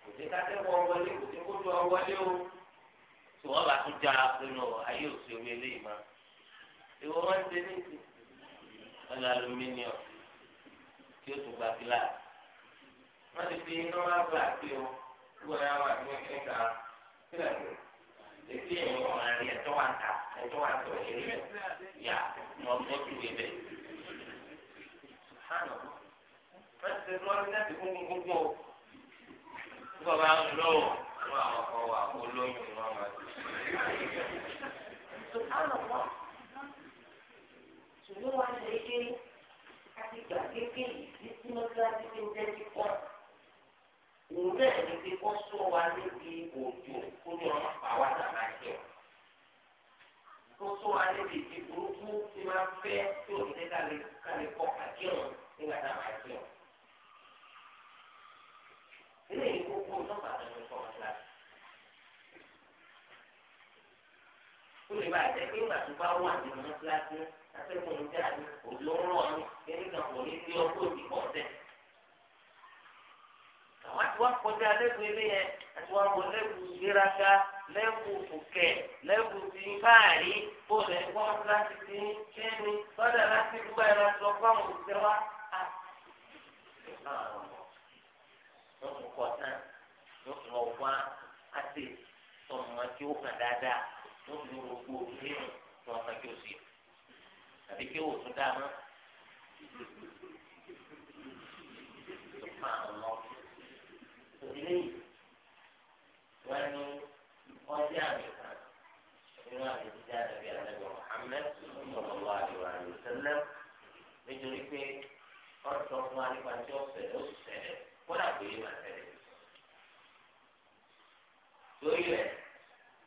kò sí kátẹ́wọ́ wọlé kò sí kójú ọ wọlé o tí wọ́n bá tún já nínú ayé òṣèré eléyìí mọ́. ìwọ wọn ń ní ìsìn ẹnu alumíníọ̀m tí ó tún gba gíláàsì wọ́n ti fi iná wá gbà pé o gbogbo ẹ̀rọ àwọn àti wọ́n kíkà kílẹ̀ kù èsì ẹ̀yìn ọ̀rọ̀ àrí ẹ̀tọ́ wa ta ẹ̀tọ́ wa tọ̀ ẹ̀rí yà mọ̀ mọ́ tó wé bẹ́ẹ̀. wọ́n ti lọ sí láti fún gbogbo o gbogbo bá ń lọ o wọ́n àwọn ọkọ̀ wa olóyún wọn máa ti ṣùgbọ́n wà lè ṣe láti gbà kéèké yìí tí mo ti láti fi ń jẹ́ kíkọ́. Òun náà ní pé kó sọ wa níbi òjò kó ní ọmọ àwa dàgbà jẹ. Kó sọ wa níbi ìdí burúkú tí máa fẹ́ tí òun ní kálí kálí kọ́ àjẹ́ òun nígbà dàgbà jẹ. Ilé ìkókó nọ́mbà tó ń sọ wọn Ó lè bá àjẹ́ pé ìgbà tó bá wà nínú kíláàsì náà atẹ́kùn ń jáde òjò ń rọ̀ ní kíní kan kò ní sí ọkọ̀ òdì pọ̀ tẹ̀. àwọn àti wá kọjá lẹ́kùn ilé yẹn àti wá wọ lẹ́kùn ìgbéraga lẹ́kùn òkè lẹ́kùn ti báàrí bóòlù ẹ̀kọ́ láti ti ń ṣe é ní lọ́dà láti dúpọ̀ ẹ̀rọ sọ fáwọn òṣìṣẹ́ wa. wọ́n mú kọ́ tán wọ́n mú ọ wá àti ọmọ tí ó kàn dáadáa wọ́n mú gbogbo nínú wọn kàn kí ó sì yẹ àbí kí wò tún dáa mọ́. tó máa ń lọ òdílé yìí wọ́n ní wọ́n jẹ́ àmì kan nínú àmì jíjá àbí àlẹ́gbọ̀n Muhammad sọlọ́lá àdìwà àdìwà sẹ́lẹ̀ nítorí pé wọ́n sọ fún wa nípa tí ó ṣẹlẹ̀ ó ṣẹlẹ̀ kódà kò yé máa ṣẹlẹ̀ lórí rẹ̀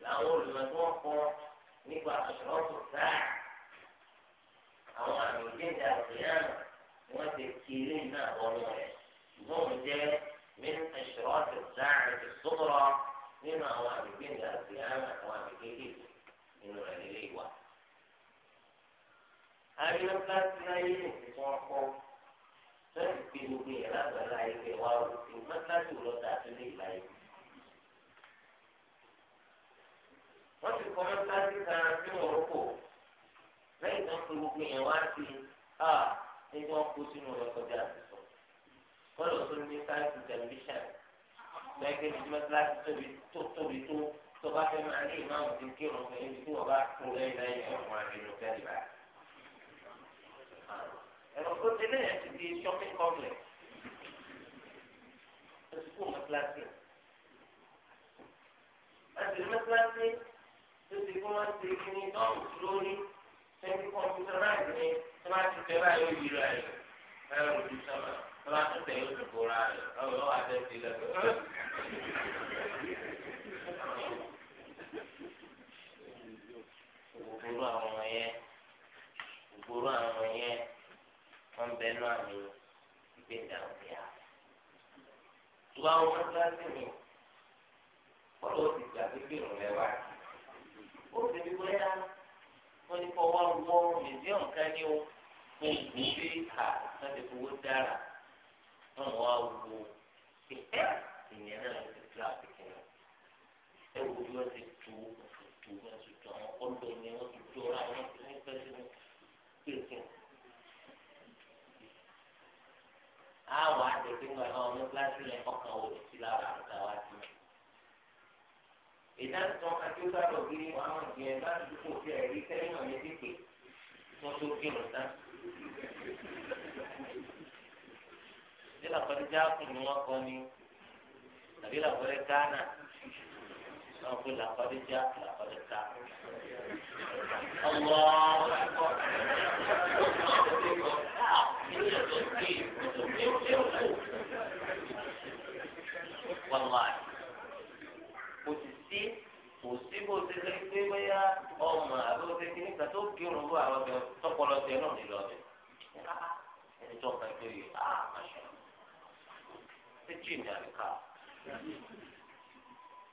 làwọn olùmọ̀ tí wọ́n kọ́ nípa àṣọ ọ̀tún sáà. àwọn àmì ìgbéga ìyáàmù wọ́n ti kiri náà wọnú rẹ̀ ṣùgbọ́n òun jẹ́ من أشراط الساعة الصغرى مما هو عم يجينا القيامة هو عم يجينا إنه ليه واحد àyè ká ti ayé nìkan ọkọ sẹ́yìn pé gbogbo yẹn lágbàlá ayé wa ò sí mọ́tàdì ọlọ́dà tó lè láyé. wọ́n ti kọ́ mọ́tàdì kan sí Morocco lẹ́yìn tó ń pe gbogbo yẹn wá sí a ní tí wọ́n kó sínú rẹ̀ kọjá àtúntò bọ́ọ̀lù tó ní sáyẹ̀nsì tẹlifíṣàn lẹ́gbẹ́ ní mẹ́tíláṣí tóbi tó tóbi tó tó bá fẹ́ máa ní ìmáàmù tí ń kírun fún ẹni tí wọ́n bá kú lẹ́yìn lẹ́yìn ọ̀pọ̀ àdínú tẹ́lẹ̀ bá. ẹ̀rọ tó délé yẹn ti di shopping complex ó ti kú mẹ́tíláṣí. àti mẹ́tíláṣí tó ti kú wọ́n ti ṣebí kọ̀mpútà náà ní tí wọ́n ti tẹ báyìí yóò yíra rẹ̀ ẹ̀rọ ojú sọ́mà tí wọ́n ti tẹ yóò tún bóra rẹ̀ ọ̀rọ̀ lọ́wọ́ àtẹ ti lẹ̀ fún un. ògbóró àwọn yẹn ògbóró àwọn yẹn wọ́n bẹ náà ní ìgbé dàgbéyà. ìwà àwọn mọ́tíláṣí mi kọ́ ti gbà pé ìrùn rẹ̀ ó ti di wẹ́yà wọ́n ní kọ́ wá wọ́ mìíràn kan ní o fún ìgbésí ìka láti fowó dára wọ́n wá wo ìfẹ́ ìyẹn náà ti fi àpèkè ẹ wo bí wọ́n ti tu tu wọ́n ti tu àwọn ọ̀dọ́ ni wọ́n ti tu ọ̀rọ̀ àwọn ọ̀dọ́ ní pẹ́ẹ́sì ní kéèké. àwọn àtẹ̀tẹ̀ ń gbà náà ọmọ kíláàsì yẹn ọkàn òdì sí lára àtàwọn ìdáǹtọ́ akíọ́sàdọ̀ kiri àwọn ìyẹn bá dúpọ̀ sí ẹ̀rí sẹ́yìn ọ̀yẹ́ títì wọ́n tó kírun tán. ṣé làkọ́díjà kùn ni wọ́n kọ́ ni tàbí làkọ́dẹ́ gánà wọ́n fi làkọ́díjà làkọ́dẹ́ ká. ọwọ́ ọ̀ṣọ́ wọ́n máa sí kò sí bó ṣe lè gbé bóyá ọmọ àbí ọ̀sẹ̀ kìíní kan tó kírun bó àwọn ọbẹ̀ tọpọlọ tẹ náà nílò ọbẹ̀ ẹni tó kàn pé ah maṣẹ ṣé jìnnì àríkà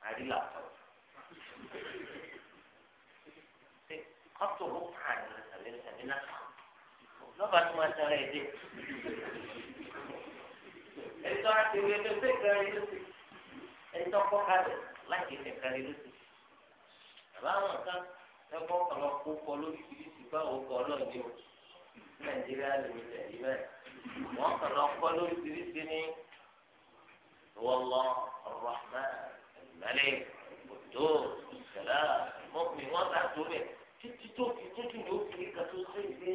àrílà kan ṣe kọ́tò ó kàn ní àbí náà lọ́ba tó máa tẹ̀lé ẹ̀dẹ́ ẹ̀tọ́ àti ìwé tó ṣe kẹrin ẹ̀tọ́ kọ́ kalẹ̀ láti ẹ̀ka rẹ lóṣù àbáwọn kan ẹgbọ́n kan lọ kó kọ lóríṣiríṣi báwo kọ ọlọ́ọ̀dẹ o nàìjíríà lè mi tẹ̀lé bẹ́ẹ̀ wọ́n kan lọ kọ lóríṣiríṣi ní wọ́lọ́ rahman malik odo sẹlẹ mọ́kùnrin wọ́n ta tó bẹ̀ títí tó fi tójú ní òkè kan tó ṣe é gbé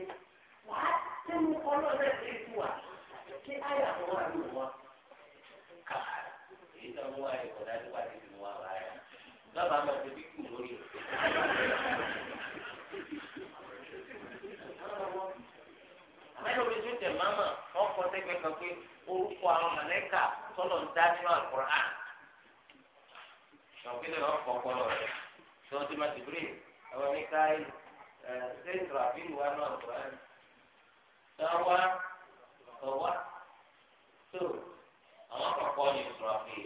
wàá tẹ́lu ọlọ́ọ̀dẹ tó ti wà kí ayé àwọn àlùmọ́ kà èyí tó ń wá ẹ̀kọ́ dájú wá ní dábàá máa ṣe bíkú lórí rẹ̀. mẹ́rin omi tó tẹ̀ máma ọkọ̀ sẹ́gbẹ́ kan pé orúkọ àwọn mọ̀lẹ́kà sọ́lọ̀ ń dá nínú àkùrán. ṣọ̀kílẹ̀ ọkọ̀ ọpọlọ rẹ̀ tí wọ́n ti máa ti bírè àwọn oníkà ṣe ìtìràfíì wà náà àkùrán. sáwá ọwá tó àwọn àkọ́kọ́ ní ìtìràfíì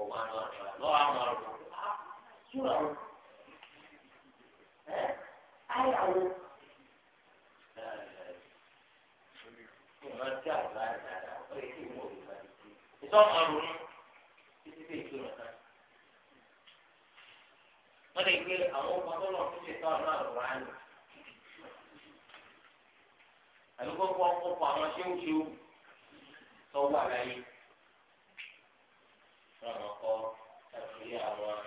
ọ̀wá náà lọ́wọ́ àwọn ọ̀rọ̀ súra ẹ àyà wọ́n lè gbé àwọn ọmọ tó lọ fún ṣètò ọ̀nà àlùrá ni àdúgbò ọkọ̀ àwọn ṣéwúṣéwú tó wà láyé. Àwọn ọkọ̀ àti àwọn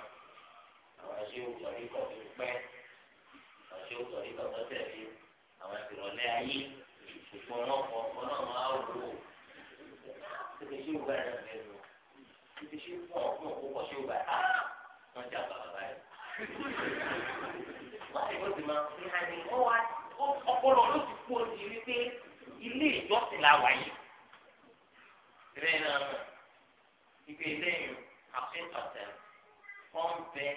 àṣẹ òtọ̀rí kọ̀ tó pẹ́ àṣẹ òtọ̀rí kọ̀ tó tẹ̀lé àwọn ìrọ̀lẹ́ ayé ìfọ̀n náà kọ̀ ọ̀pọ̀ náà máa wò ó títí sí ìwé ẹ̀rọ ẹ̀rọ títí sí ìwé ọ̀pọ̀ òkúkọ̀ sí ìwé á wọ́n jà bàbá báyìí. wọ́n ti bó ti máa fi hàn ní ó ọpọlọ ló ti kú òsì wípé ilé ìjọsìn la wà yìí. ìrẹ́ náà ìgbésẹ̀ yìí àfihàn ọ̀sẹ̀ fọ́ńpẹ́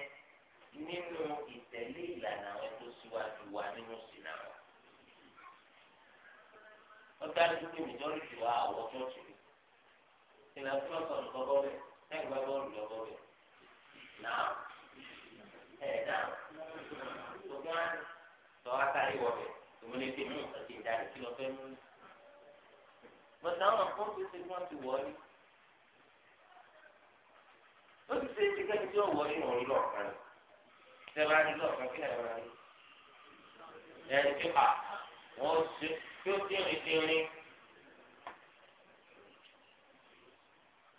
nínú ìtẹ̀lé ìlànà àwọn tó síwájú wa nínú sínà wọn. wọ́n dájú pé mìjọ́rìtì wa àwọ̀ ṣọ́ọ̀ṣì rẹ̀. ìlànà tí wọ́n sọ nǹkan bọ́ bẹ́ẹ̀ náà ìgbà bọ́ọ̀lù lọ bọ́ bẹ́ẹ̀. náà ẹ̀ náà gbogbo wa sọ wá sáré wọ bẹ́ẹ̀ tòun lè fi mú nǹkan ti kí lọ fẹ́ mú. bọ́tà àwọn kan tó ṣe wọ́n ti wọ̀ ó ti ṣe é ti kẹ́ni tí ó wọ inú orí lọ́ọ̀kan rẹ̀ sẹ́wọ́n á lọ́ọ̀kan kí ẹ̀rọ rẹ̀ ẹ̀rí tí a wọ́n ṣe tí ó ti rìn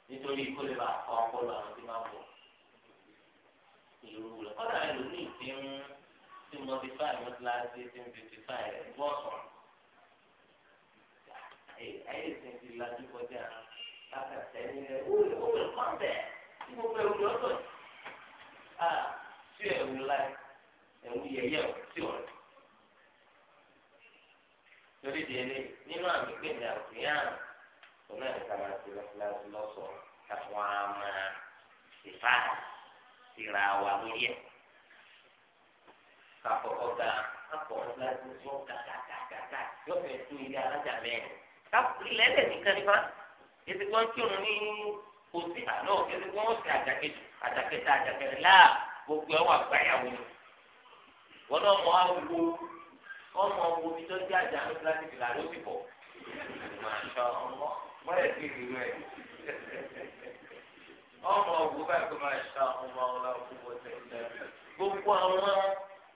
nítorí kó lè bá ọkọ ọpọlọ àwọn tí máa bọ̀ ìlú rẹ̀ kọ́dà ẹlòmíì ti ń ti modify wọn ti láti ti ń rẹ̀ bọ́ sọ̀rọ̀ ayé ìsìn ti lajú kọjá látàtẹ́ nílẹ̀ ó lè kọ́ bẹ́ẹ̀ tí gbogbo ẹ̀rù lọ́sọ̀ọ́ ah sí ẹ̀wù láì ẹ̀wù yẹyẹ sí ọ̀rẹ́. torí délé nínú àmì gbẹ̀dẹ̀ àfihàn òun náà nìkan máa ti lọ́síláṣí lọ́sọ̀ káwọn á máa ṣèfà síra wa lórí ẹ̀. kakọ̀kọ̀ ga kakọ̀kọ̀ ga tó yọ kàkàkàkà yóò fẹ́ tó ilé alájà mẹ́rin. ilẹ̀ ẹ̀dẹ̀ nìkan nípa ètò ìgbọ́n kírun ní kò sí àná ètò ìgbọ́n ó sì àjàkẹ́jù àjàkẹ́ta àjàkẹ́rẹ́ láà gbogbo ẹwà gbàyàwó wọn náà mọ awo ọmọ wo mi tó dé àjà ló láti fi làló ti bọ màṣọ ọmọ mọlẹ ti rí rẹ ọmọ wo báyìí kó màṣọ ọmọ ọlọ́pàá wọn tẹ ẹ gbogbo àwọn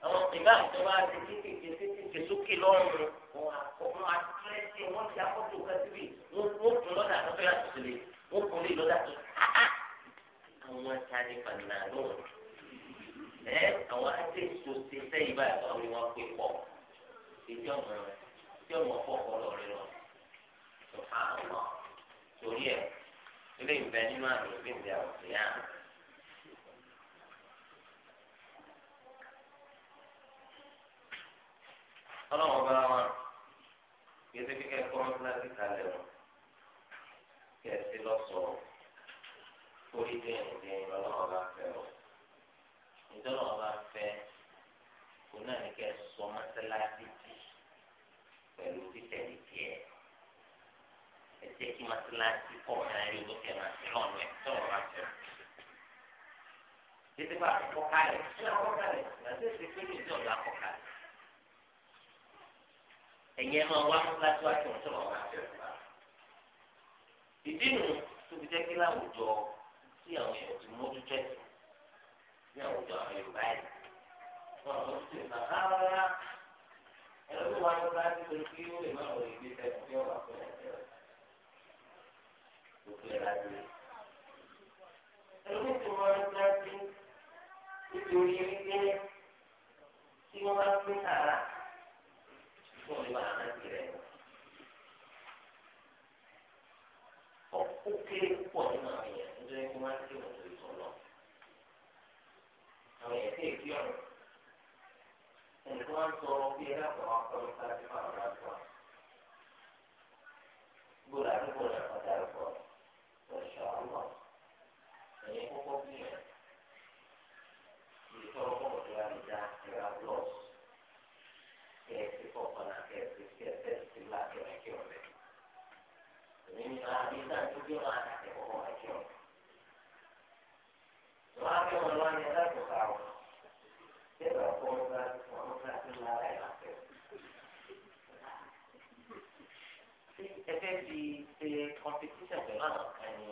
àwọn ìmáà tó bá ti kékeré kékeré sókè lọ́rùn wọn àkọ́kọ́ àtúrẹ́sì wọn ti akọ́tò kẹsíbì wọn kún lọ́dà tó fẹ́ àtúnṣe wọn kún lè lọ́dà tó àwọn ẹ̀ka ní fàlẹ́ náà lọ́wọ́ ẹ àwọn àtẹ̀sọ ti sẹ́yìn báyìí báwo ni wọ́n pè pọ̀ ìjọ mọ̀ ìjọ mọ̀ fọ́kọ̀ lọ lọ tó fà á lọ torí ẹ ilé ìfẹ́ nínú àmì ìgbìmọ̀ àwọn ìyá. ọlọ́run ọba wa kí kíkẹ́ kọ́ mọ́tíláṣí kalẹ̀ o kí lọ́sọ̀ọ́ torí dẹ́yìn dẹ́yìn ọlọ́run ọba fẹ́ nítorí wọn bá fẹ́ kó náà ní kẹ́ sọ mọ́sálásí jì pẹ̀lú títẹ̀lé tiẹ̀ ẹ jẹ́ kí mọ́sálásí kọ̀ máa rí oníkẹ́ máa fi lọ́nà ẹ̀ tó wọn bá fẹ́. títí bá kọ́ kalẹ̀ tí wọ́n kọ́ kalẹ̀ láti ṣe pé kí ìjọba kọ́ kalẹ̀. ẹ̀yin ẹ̀ máa wá mọ́sálásí wá tó ń tó wọn fẹ́ fún ìdí nu tó fi jẹ́ kí láwùjọ tí àwọn èèyàn ti mójútó ẹ̀sìn ní àwùjọ àwọn Yorùbá yìí wọn rárá ẹ̀rọ tó bá ti lè fi ó lè má wọ ìgbé sẹ́kù tí wọ́n wà fún gbogbo ẹ̀rọ adé ẹ̀rọ tó wọ́n ló bá ti nítorí wípé tí wọ́n bá gbé sára fún ìwà àrántí rẹ̀ ọkọ̀ kéré púpọ̀ nínú àwọn èèyàn nítorí pé wọ́n ti àwọn èèyàn sì ọ̀rọ̀ ẹnìkan wá ń sọ bí ẹ lápò àwọn akọ̀wé sáájú máa ń ra àdúrà gbọ́dọ̀ àdúgbò rẹ̀ fẹ́ fi ṣe competition pẹ̀lú àwọn kan ní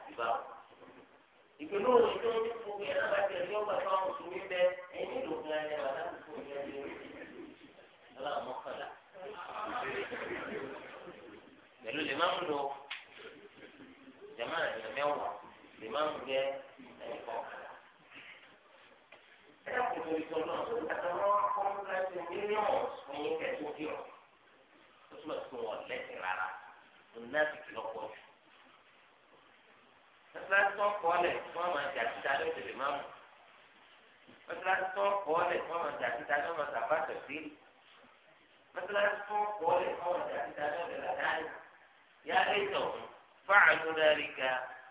àdìbá. ìpinnu òṣèlú ní gbogbo yẹn náà bá ti ẹ̀rí ọgbà tó àwọn òṣèlú bẹ ẹ̀yìn nílò fún ẹni wà láti fún ẹni ẹni ẹni lọ́la mọ́kànlá. pẹ̀lú lè má mú lọ jama ẹ̀yàn mẹ́wàá lè má mú jẹ́ ẹ̀yìn kọ̀ọ̀kan. ẹ̀yà kò tóbi tó náà àtàwọn ọmọ ọmọ láti mílíọ̀nù fún yín kẹ́tù bí ọ̀ tó túmọ̀ sí wọn lẹ́sìn rárá. onínáàtìkì lọ́pọ̀ jù mọ́tíláṣí tó ń kọ́ ọ́lẹ̀ fún àwọn àjà títa ló ti lè má mú mọ́tíláṣí tó ń kọ́ ọ́lẹ̀ fún àwọn àjà títa ló máa sàbá tẹ̀sí mọ́tíláṣí tó ń kọ́ ọ́lẹ̀ fún àwọn àjà títa ló lè là dáì yá lẹ́tọ̀ fáàlú dáríga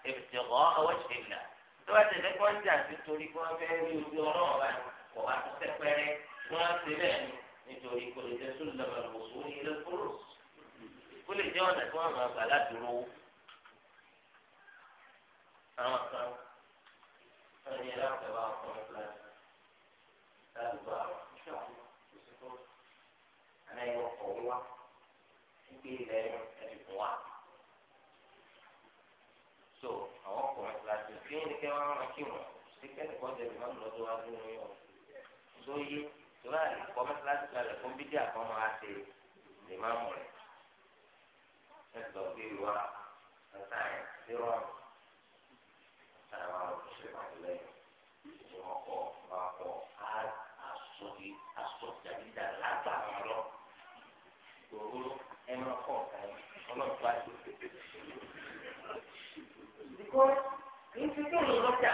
ìbùsùnkọ́ ọwọ́ ṣẹlẹ̀ tó bá tẹ̀lé kọ́ńtà sí torí kí wọ́n fẹ́ rí ojú ọlọ́run bá kọ̀ wá tó sẹ́pẹ́rẹ́ wọ́n á ṣe bẹ́ẹ̀ nítorí kò lè jẹ́ sùn lọ́mọ ó lè jẹ́ ọ̀nà tí wọ́n máa gbà ládùúró àwọn kan wọ́n ní ẹlẹ́kọ̀ọ́ bá wọn kọ́ ọ́n ládùúgbò àwọn anáyẹ ọkọ̀ wá gbígbé ilẹ̀ ẹ̀dì fún wa. so àwọn ọkùnrin láti fi ń kẹ́ wọn rán kí wọn sí kẹ́nìkan jẹ̀bi máa ń lọ́jọ́ wá nínú yọ. tó yé tó láàyè kọ́ mẹ́tíláṣí kalẹ̀ fún bídíà kan máa ṣe lè má mọ̀ rẹ̀ ẹ̀tọ́ bí wa ẹ̀ta ẹ̀ nírọ̀ ẹ̀ta ẹ̀ máa lọ ṣe máa lẹ̀ ṣe wọn kọ máa kọ asọ̀dí asọ̀dàdídà lágbàá lọ gbogbo ẹ̀ máa kọ̀ ọ̀kan ọlọ́pàá yìí. Bíkọ́ kì í fi kí òun fún wa.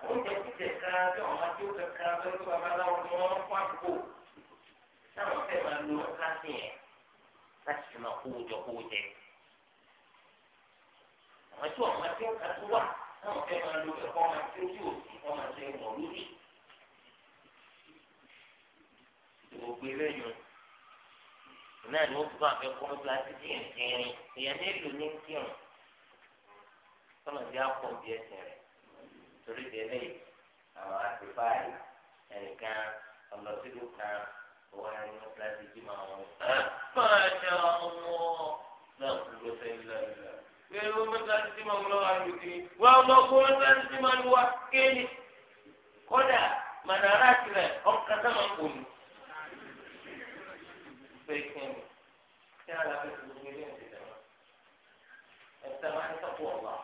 Àwọn oúnjẹ títẹ̀ ká bí àwọn máa tí ó kẹ̀kẹ́ abẹ́rẹ́ tó bá bá láwọn ni wọ́n fún àdúgbò. Táwọn fẹ́ máa lo ọ̀ká sí yẹn láti fi máa kówó jọ kówó jẹ àwọn tí wọn ti ń kàtó wà táwọn fẹẹ máa lo ẹ̀kọ́ máa ti ojú òsì wọn máa ti mọ lórí gbogbo eléyìí náà ni wọn fi máa fẹ kọ́ nípa ti di ẹ̀sìn èèyàn nílùú ní kírun tọ́nà bí bí ẹsẹ̀ rẹ̀ torí délé àwọn àti báyìí ẹnìkan ọlọ́sílù kan wọ́n á ní kíláàsì tí màá wọ̀ ẹ́ máa ṣe ọmọ náà kú ló fẹ́ nílẹ̀ nílẹ̀. pé wọ́n mẹ́tàlì tí màá lọ wá lù kí wọ́n lọ kó mẹ́tàlì tí màá lù wá kéènì. kódà màdàrà tirẹ̀ ọkàn sábà kò ní. pé kéènì kí á lábẹ́ tó gbé ní ìdílé wọn. ẹ̀sẹ̀ máa ń sọ́kù ọ̀la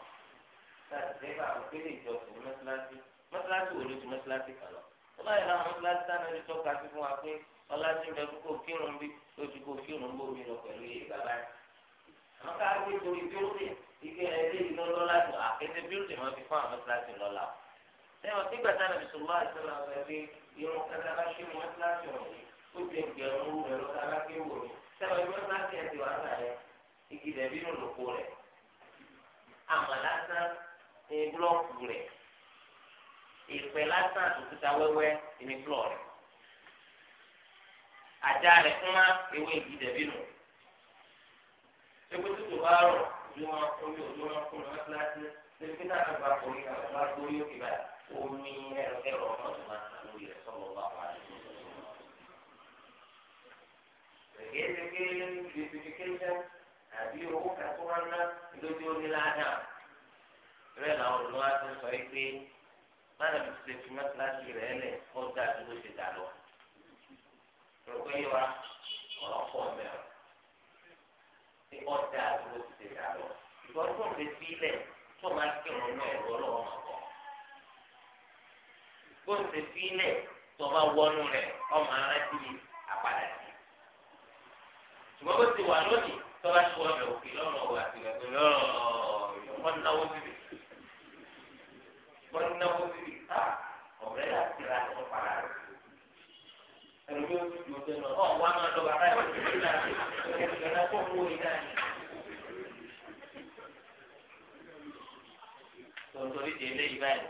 láti dẹ́gbà òkèlè ìjọsìn mẹ́tàlì mẹ́tàlì òní ju mẹ́tàlì kan lọ. ó báyìí láwọn mẹ́tàlì ọlá tí bẹ kó kírun bí ó ti kó kírun bómi lọ pẹ̀lú iye bàbá rẹ̀. àwọn káàkiri torí bíúrúdì ike ẹlẹ́ yìí lọ́lọ́ láti àkété bíúrúdì wọn fi fún àwọn kíláàsì lọ́la. sẹ́wọ̀n nígbà tá a lè sọ wá ìṣẹ́lá ọ̀sẹ̀ pé irun kẹta bá ṣe wọn kíláàsì wọ̀nyí ó ti ń gbẹ̀rún owó rẹ̀ lọ́ta bá ké wò ní. sẹ́wọ̀n ìwé kíláàsì ẹ̀ ti wà ń sàlẹ̀ igi dẹ̀bí nù lóko rẹ̀ àmọ̀ lásán ní búlọ̀kù rẹ̀ ìpè lásán àtúntà wẹ́wẹ́ ní búlọ̀ rẹ̀ àjà rẹ̀ fún wa ewé ìdẹ̀bí nù. ṣébùtù tó bá rọ̀ ojú wọn omi ojú wọn kún un mọ́tíláṣí ṣé kí náà bá kórè àwọn bá kórè òkè báyìí omi ẹ̀rọ ẹ̀rọ ọmọ tó máa ta lórí ẹ̀ sọ́mọ bá wà ní ìlú. Gẹ́gẹ́ beautification àbí owó kan tó ná lójú omi ládàá. Bẹ́ẹ̀ làwọn olùwà ti sọ pé má lọ sí ṣe fi mọ́tíláṣí rẹ̀ lẹ̀ kó dáa tó ṣe dà lọ rògbé yìí wa ọ̀rọ̀ pọ̀ mẹ́rin tí wọ́n dá àdúgbò ti ṣe dà lọ ìgbọ́n tó ń lè fi ilẹ̀ tó máa kí wọn náà ẹ̀rọ lọ́wọ́ máa bọ̀ bó ń ṣe fi ilẹ̀ tó bá wọnú rẹ̀ ọmọ ara ti ní àpàdà sí ṣùgbọ́n bó ti wà lónìí tó bá ṣe ọ̀rẹ́ òkè lọ́nà ọ̀wà àti ìrẹ̀gbẹ̀ lọ́rọ̀ wọ́n náwó síbi wọ́n náwó síbi ọ̀rẹ́ àti ìrẹ̀gbẹ̀ ẹlòmí ó ti dùn sẹ́nu ọ̀ wá máa lọ bàbá ẹ̀ ẹ̀rọ kó mú i náà ni. tòǹtòrí di eléyìí báyìí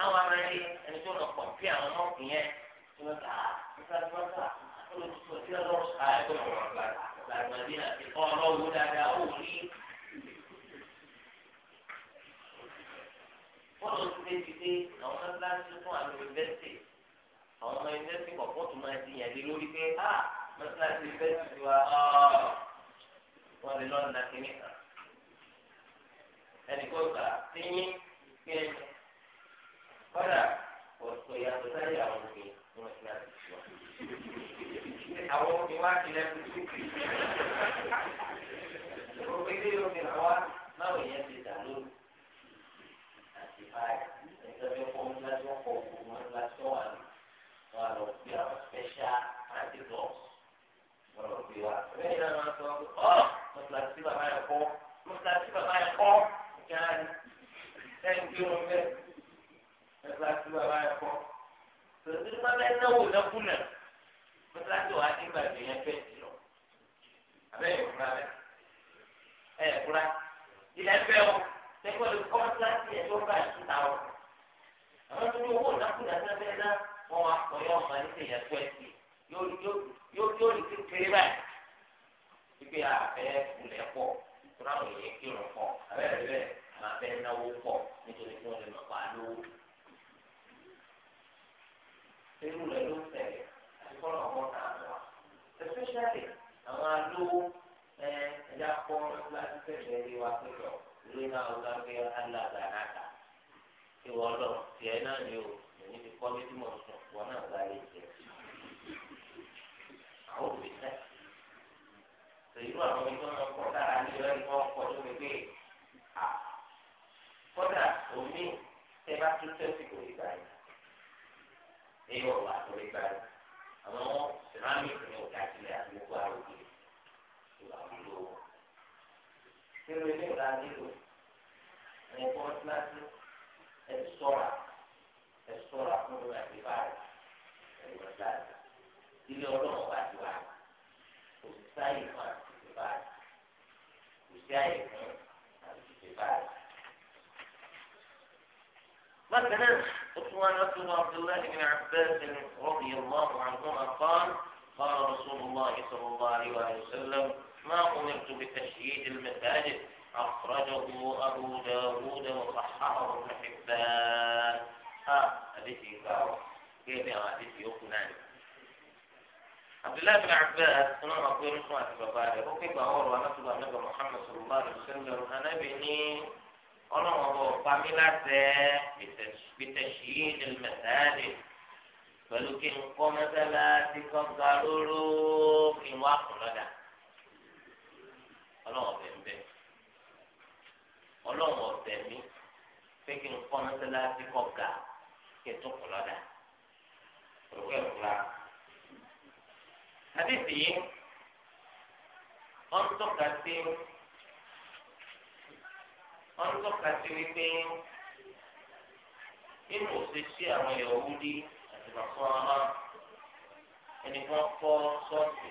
àwọn ará rí ẹni tó lọ pọ̀ bí àwọn mọ́ọ̀kì yẹn tí wọ́n gbà á nípa tí wọ́n gbà ó lọ sọ sí ọlọ́ àìkọ́ làgbàdì àti ọlọ́wọ́ dáadáa ó rí. wọ́n lọ sí ibi tí fún àwọn yunifásitì àwọn ọmọ ẹgbẹ́ sì kọ̀ fún tùmọ̀ ẹtì yẹn lé lórí pé a ah, mọ́tíláṣí fẹ́ ti wa ah, wọ́n lè lọ́nà kínní kan ẹnì kó gbà sí yín kí ẹ kọ́dà ọ̀sọ̀ ìyàtọ̀ sáyé àwọn òkè ní mọ́tíláṣí ti wa àwọn òkè wá kílẹ̀ fún mi òkè tí yóò fi hàn wá báwo yẹn ti dà lóru àti báyìí ẹ̀ka bí wọ́n kọ́ mọ́tíláṣí wọ́n kọ́ òkú mọ́tíláṣí wọ́n wà ní wọn lọ sí àwọn special antidox wọn lọ sí wa lẹ́yìn náà wọn sọ ọ mọtàlásí bàbá yẹn kọ mọtàlásí bàbá yẹn kọ jáde ẹni tí wọn fẹ́ mọtàlásí bàbá yẹn kọ tòun tí wọn bẹ náwó lẹkùnà mọtàlásí wàá ní gbàgbé yẹn fẹ́ jùlọ abẹ́yẹ kúra bẹ́ẹ̀ ẹ̀ kúra ilẹ̀ fẹ́ o wọn wá yọ ọmọ ní sèyàn tó ẹsì yóò yóò yóò ní kékeré báyìí wípé àbẹ́ kulẹ̀ pọ̀ ìtura àwọn èèyàn kírun pọ̀ àbẹ́ rẹ̀ bẹ́ẹ̀ àwọn abẹ́ náwó pọ̀ nítorí kí wọ́n lè máa pa lówó. irú rẹ̀ ló tẹ̀lé àti kọ́nà ọ̀gbọ́n náà wà especially àwọn alówó ẹja pọ̀ láti tẹ̀lé ilé wa pẹ̀lú ìlú náà ó dágbé alága náà kà ìwọ lọ tiẹ̀ náà ni o kọ́ ní tí mo sùn wọn náà gba ayé jẹ. àwọn òbí tẹ. sèyí wà lórí tó máa kọ́ dára ní ìrẹ́ nípa ọkọ̀ tó mi gbé à. omi tẹ bá tún tẹ́sí kò lè gbà yìí. nínú ọ̀rọ̀ àtọ́lé gbà yìí. àwọn ceramic ní ọ̀gá sílẹ̀ àti gbogbo àròkè ìwà òdòdó. nínú ilé ìlànà nílò ẹ̀kọ́ kíláàsì ẹ̀ sọ́ra. الصورة من الاعتبار المسألة إلى علوم الاعتبار وسائل الاعتبار وسائل الاعتبار مثلا أخوان رسول عبد الله بن عباس رضي الله عنهما قال قال رسول الله صلى الله عليه وسلم ما أمرت بتشييد المساجد أخرجه أبو داود وصححه ابن حبان á ah, àdéhìí gbà ọ gẹ́gẹ́ bí àwọn àdéhìí yòókù náà ni. Abdullahi bin Abbas ọ̀nà máa gbé orúkọ àti bàbá rẹ̀ ó pé gbà wọ́n rọ̀ anábìbà anábà Muhammad sallallahu alayhi wa sallam anábì ní ọlọ́run ọba ọ̀pá mi láti bìtẹ̀sí ẹlẹ́mẹ̀tàdé pẹ̀lú kí n kọ́ mẹ́sálásí kan ga lóró kí n wá kùn lọ́dà ọlọ́run ọ̀bẹ̀ ń bẹ̀ ọlọ́run ọ̀bẹ̀ mi pé kí n kọ́ mẹ́sálásí kan ga lóró kẹtù kọlọdà òkè òkúra àdìsí yìí wọn tọ́ka sí wọn tọ́ka sí wípé nínú òṣèṣì àwọn Yahudi àti Nasara ẹni wọn kọ́ ṣọ́ọ̀ṣì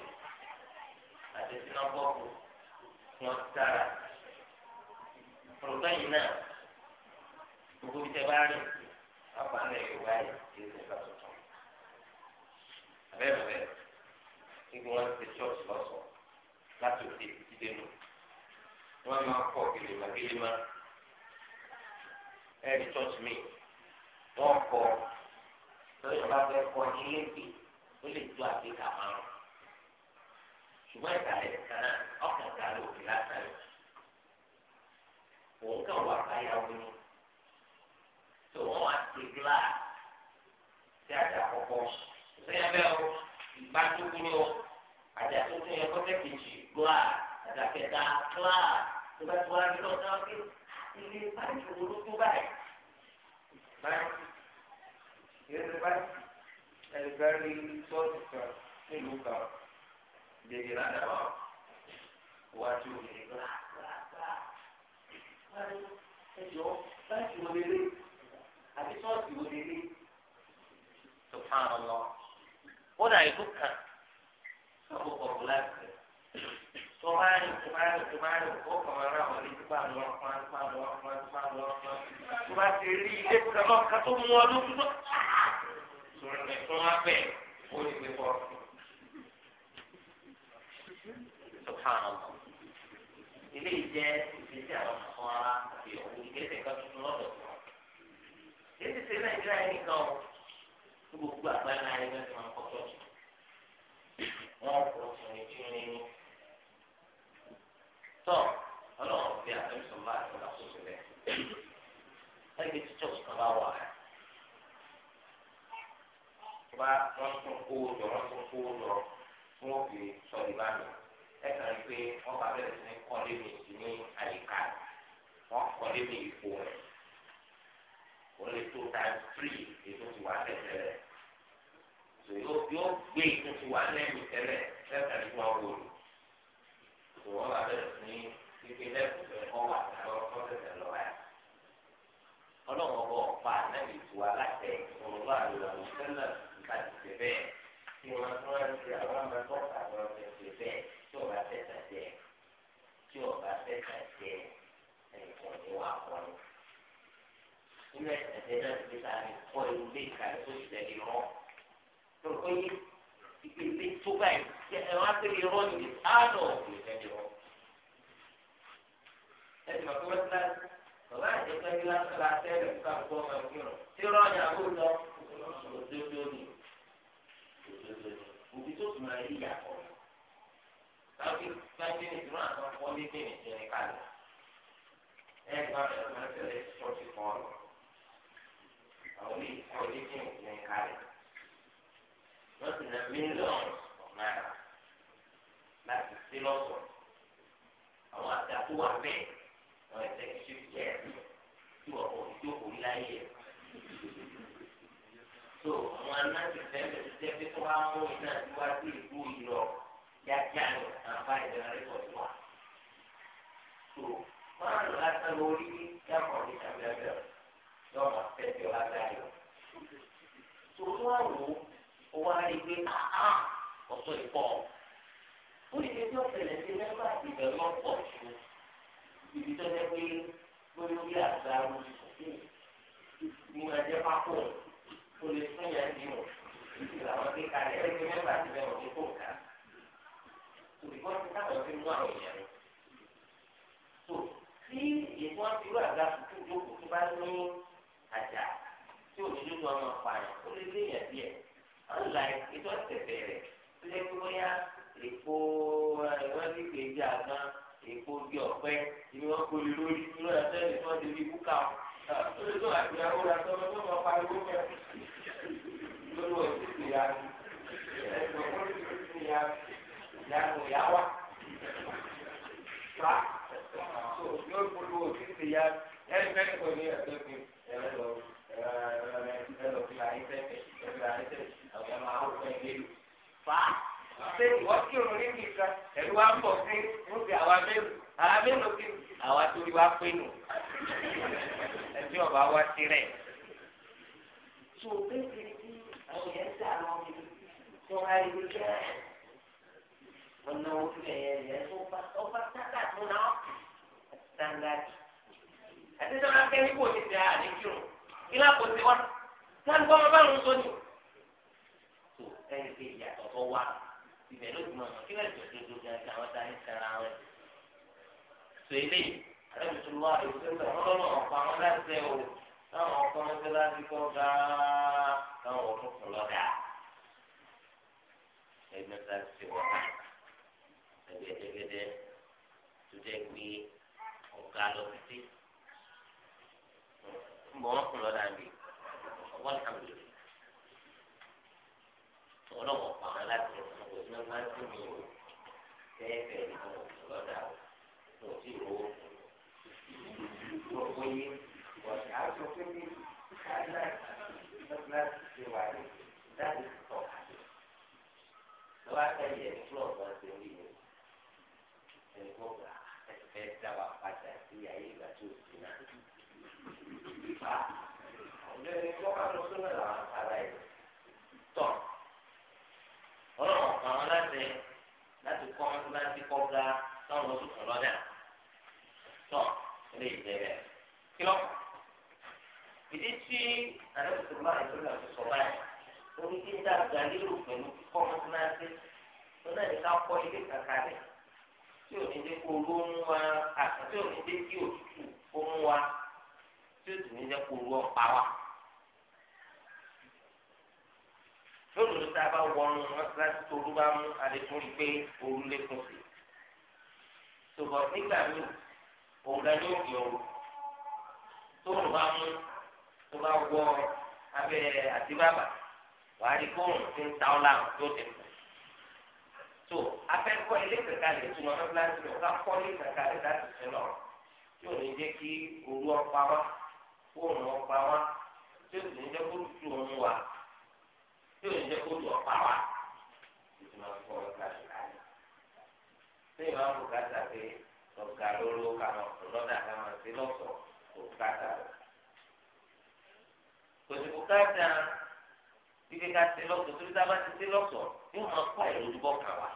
àti sinagogo wọn tara òrùka yìí náà gbogbo ìtẹ bá rìn. ọkọ àná í ṣe ìgbà tuntun abẹ́rẹ́ ibi wọn ti ṣọ́ọ̀ṣì lọ́sọ̀ láti òde ìdílé nù wọn máa kọ́ gèlèmà gèlèmà ẹ̀rí ṣọ́ọ̀ṣì mi wọn kọ bá kọ ó lè ṣùgbọ́n kan ọkàn ló fi látàrí òun kàn wá tó wọn wá ti glace tí a ti àkọ́kọ́ sẹ́yìn bẹ́ẹ̀ o ìgbà tó kú ni o àti àtúntò yẹn kọ́ tẹ́ kejì glace àti àkẹta glace tó bá ti wá ní lọ́dọ̀ ọ̀kẹ́ ilé báyìí olóko báyìí báyìí ilé báyìí ẹ̀ka rí kan nílùú kan dèjì ládàá wájú ilé glace glace glace wájú ẹ̀jọ̀ báyìí wọlé lé àti sọ́ọ̀sì wo lélẹ̀ subhanallah ó dà ìlú kan sọ́ọ̀bù kọ̀ọ̀bù láti tó máa ń tó máa ń tó máa ń kó kàn án ráwọn létí pa àwọn ọkọ pa àwọn ọkọ pa àwọn ọkọ tó bá ti rí ilé kan tó mú ọ lójú náà sọ̀rọ̀ ní fún wa bẹ́ẹ̀ ó lè gbé bọ́ subhanallah ilé ìjẹ́ ìfẹ́sẹ̀ àwọn ọmọ wa àti òun ìgbésẹ̀ kan tuntun lọ́dọ̀ fún èyí ti nàìjíríà yìí nìkan o tí gbogbo àgbáńlá yẹn bẹ́ẹ̀ tó máa kọ́ tọ́jú wọn kọ́ tìrín tìrín ní. tọ́ ọlọ́run fi àtẹ̀sọ̀ máa tó lásòsò rẹ̀ ẹgbẹ́ títọ́ kan bá wà á. bá wọ́n tún kówó lọ wọ́n tún kówó lọ tí wọ́n fi sọ ìbánu ẹ̀ka ń pé wọ́n bá bẹ̀rẹ̀ sí ní kọ́lé mi ní àyíká wọ́n kọ́lé mi ìfò rẹ̀ ó lè tó times three ètò ti wà lẹ́tẹ̀lẹ̀ so yóò yóò gbé ètò ti wà lẹ́yìn tẹ́lẹ̀ lẹ́tà ní wọn wò lò so wọn bá bẹ̀rẹ̀ sí pípé lẹ́kùnfẹ́ ọwà àwọn ọ̀sẹ̀sẹ̀ lọ rẹ̀ ọlọ́run ọba ọ̀pá lẹ́yìn ìtura láti ọ̀rọ̀ bá àlọ́ àwọn nípa ti bẹ́ẹ̀ tí wọn tún wá sí àwọn àwọn ọ̀sẹ̀ ẹ̀kọ́ nínú ẹsẹ̀ náà ti ta ni kọ́ ewu lé ìkàlẹ̀ tó ti tẹ̀lé rán. Lọ́kọ́ yé ìpèsè tó báyìí ṣe ẹ wá pé irọ́ ni àádọ́ òkè tẹ̀lé rán. Ẹ̀sìn ọ̀tún wọ́n ti láti bàbá àjẹ́ pé kí lásán la tẹ́lẹ̀ fún àgbo ọmọ ẹ̀kọ́ rẹ̀. Tí rán ni àbó lọ òdodo ni òdodo ni òbí tó tún máa rí ìyàtọ̀. Báyìí báyìí ní ìdúrà àwọn ọmọ ní bẹ̀rẹ̀ jẹ́ ní kálẹ̀. Ẹ àwọn ilé ìkọ́ ilé tí wọ́n ti ń kalẹ̀ wọ́n ti na mílíọ̀nù náírà láti sí lọ́sọ̀ àwọn àga tó wà bẹ́ẹ̀ àwọn executive chair tí wọ́n kò ní jókòó ní so àwọn anáàtì fẹ́ẹ́ ti jẹ́ pé tó bá mú iná síwájú ìlú ìlọ yájá ní àbá ìdánilẹ́kọ̀ọ́ tó wà so wọ́n á lọ láti lórí. tún wò ó wá rí pé àá ọ̀tọ̀ ìpọ̀ ó lè fi ọ̀sẹ̀lẹ̀ sí mẹ́fà ìbẹ̀rù ọ̀pọ̀ ju ibi tó jẹ́ pé lórí orí àgbà olùsọ̀kẹ́ ni wọ́n jẹ́ pákó ó lè fún yẹn ní mọ̀ ìlànà tí kalẹ̀ ẹ̀ fi mẹ́fà ìbẹ̀rù ọ̀pọ̀ kò ká olùkọ́ ti sábà fi mú àwọn èèyàn tó tí ìfún àti irú àgbà tuntun tó kù tó bá ní àjà tí òṣèlú tó ọmọ pààyàn ó lè léèyàn díẹ̀ unlike ètò ẹ̀sẹ̀fẹ̀ rẹ̀ tó yẹ kí wọ́n yá èpo ìwádìí kejì àgbọn èpo bí ọ̀pẹ ìní wọn kò lè lórí ìlú ẹ̀sẹ̀ ní tí wọ́n ti rí búkà ó lè tó àgbéyàwó rẹ̀ tó ọmọ tó ọmọ pariwo mẹ́ lórí òṣèlú ìyá ẹ̀sìn òṣèlú ìyá ìyá ìyá wa fa yóò polówó òṣèlú ìyá ẹ̀sìn ẹ̀sìn ẹ̀sìn ẹ̀sìn ẹ̀sìn ẹ lọ fi láyé sẹ́kẹ̀ ẹ fi láyé sẹ́kẹ̀ àwọn ọmọ àwọn ọmọ ìlú ìlú fa ṣé ìwọ kí òun rí nìkan ẹ̀rú wa ń bọ̀ sí rúbì àwa mélòó àwa mélòó kí àwa torí wa pé nù ẹbí ọba wa ti rẹ̀. tó o bẹ́ẹ̀ kẹ́ ọ̀nà òfin ẹ̀yẹ rẹ̀ tó standard àti sọ́nà kẹ́ríkò ti dá àdékùn ilé àkọsí wa sáré kọ́ ọmọ bá ń sọ ni. tó ẹni pé ìyàtọ̀ tó wá ibẹ̀ ló ti mọ̀ ọ́n kí lẹ́jọ́ tó dúró gan-an àwọn tá a ní sara wọn. sọ eléyìí àrẹ́bí tó wá èyí tó ń bẹ̀rẹ̀ wọ́n lọ́nà ọ̀pọ̀ àwọn láti o táwọn ọkọ wọn tó láti kọ́ gáà táwọn ọ̀tún kù lọ́dà. ẹgbẹ́ ta ti ṣe wọ́n ẹgbẹ́ ẹgbẹ́ tó jẹ́ pé ọ̀gá lọ sí ń bọ̀ wọ́n kún lọ́dà mi wọ́n kà mí lò ọlọ́wọ́ pa wọn láti ẹ̀sìn kò sí wọn máa ń tún mi o fẹ́ẹ́fẹ́ ní wọn ò sí lọ́dà o wọn ò sí rówó wọn kò yé wọn kà á sọ pé kí á láti ṣe wà ní láti tọ̀ lọ́wọ́ àtẹ̀yẹ fúlọ̀ wọn ti rí o ẹ̀kọ́ gbà ẹ̀ fẹ́ dábàá padà sí ayé ìgbà tó o. ẹni tó wà ní súnmọ́ làwọn àkàrà yìí tọ̀ ọlọ́run kan láti láti kọ́ láti kọ́ ga táwọn oṣù kan lọ́dà tọ̀ ilé ìjẹ́rẹ́ kí lọ́kọ̀ ìdí tí àdókòtò máa ń tóbi àti sọ̀rọ̀ báyìí orí kí n dá ga pẹ̀lú kíkọ́ wọn láti tó náà ní ká kọ́ ilé kàkà rẹ̀ tí ò ní dé kó olú ń wá àti tí ò ní dé kí òtútù ó ń wá tí ó sì ní dé kó olú ọ̀ pa wá. lóòrùn tá a bá wọnú mọ́sálásí tó olú bá mú àlékún rí pé òru lékún sí i nígbà míì òun gan ni ó di òru tó òun bá mú tó bá wọ abẹ́ àti bàbà wàá rí kóòrùn tí ń ta ọ́ láàrún tó ti kù tó afẹ́kọ́ ilé kẹ̀kẹ́ àlè tó lọ́nà fúláṣí lọ ká kọ́ ilé kẹ̀kẹ́ àlè láti fi lọ tí ní jẹ́ kí òru ọ̀pá wá kóòrùn ọ̀pá wá tí sì ní jẹ́ kó tí ò ní jẹ́ kó lù ọ̀pá wa títí máa fọ ọ̀gá ṣùgbọ́n àná. tí ìwà ń bùkátà pé ọ̀gá lóró kàmọ̀ lọ́dà kàmọ̀ sí lọ́sọ̀ọ́ kò bùkátà rẹ̀. kò sí bùkátà kíkẹ́ ká sí lọ́sọ̀ọ́ torí tá a bá ti sí lọ́sọ̀ọ́ yóò máa kọ́ ẹ̀rọ ojúbọ̀ kàn wá.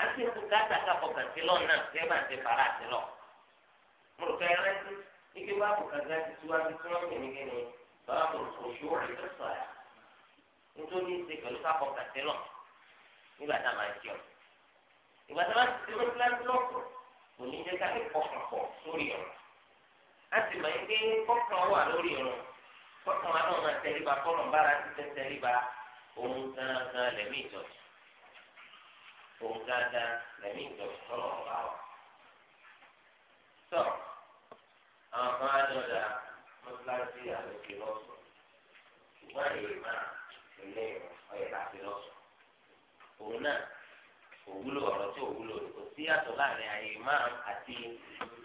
à ń ṣe bùkátà káfọ̀kàn sí lọ́ náà kẹ́ bá ṣe fara sí lọ. mo rò pé ẹrẹ́ ike wá bùkátà ti síwájú tí wọ́n ń pè ní kíni báwo kò ṣòwò rẹ̀ nítorí ṣe pẹ̀lú ká kọkà sílọ̀ nígbà tá a máa jẹ ọ. ìgbà tá a máa ti lọ síláńtì lọ́pọ̀ kò ní jẹ́ ká lè kọkàn pọ̀ sórí ọ̀rọ̀. a sì máa ń gbé kọkàn wà lórí ọ̀rọ̀ kọkàn wa náà máa tẹríba kọ́nà bára ti fẹ́ ba, òun gangan lẹ́mí ìjọsìn. òun gangan lẹ́mí ìjọsìn kọ́nà ọ̀bá wa. sọ àwọn kan á lọ́dà mọ́tíláṣí àlòkè lọ́sùn ṣùgbọ́n èyí máa ti lẹ́yìn ọyẹ káfí lọsùn òun náà òwúlò ọ̀rọ̀ tí òwúlò kò sí yàtọ̀ láàrin àyè máa àti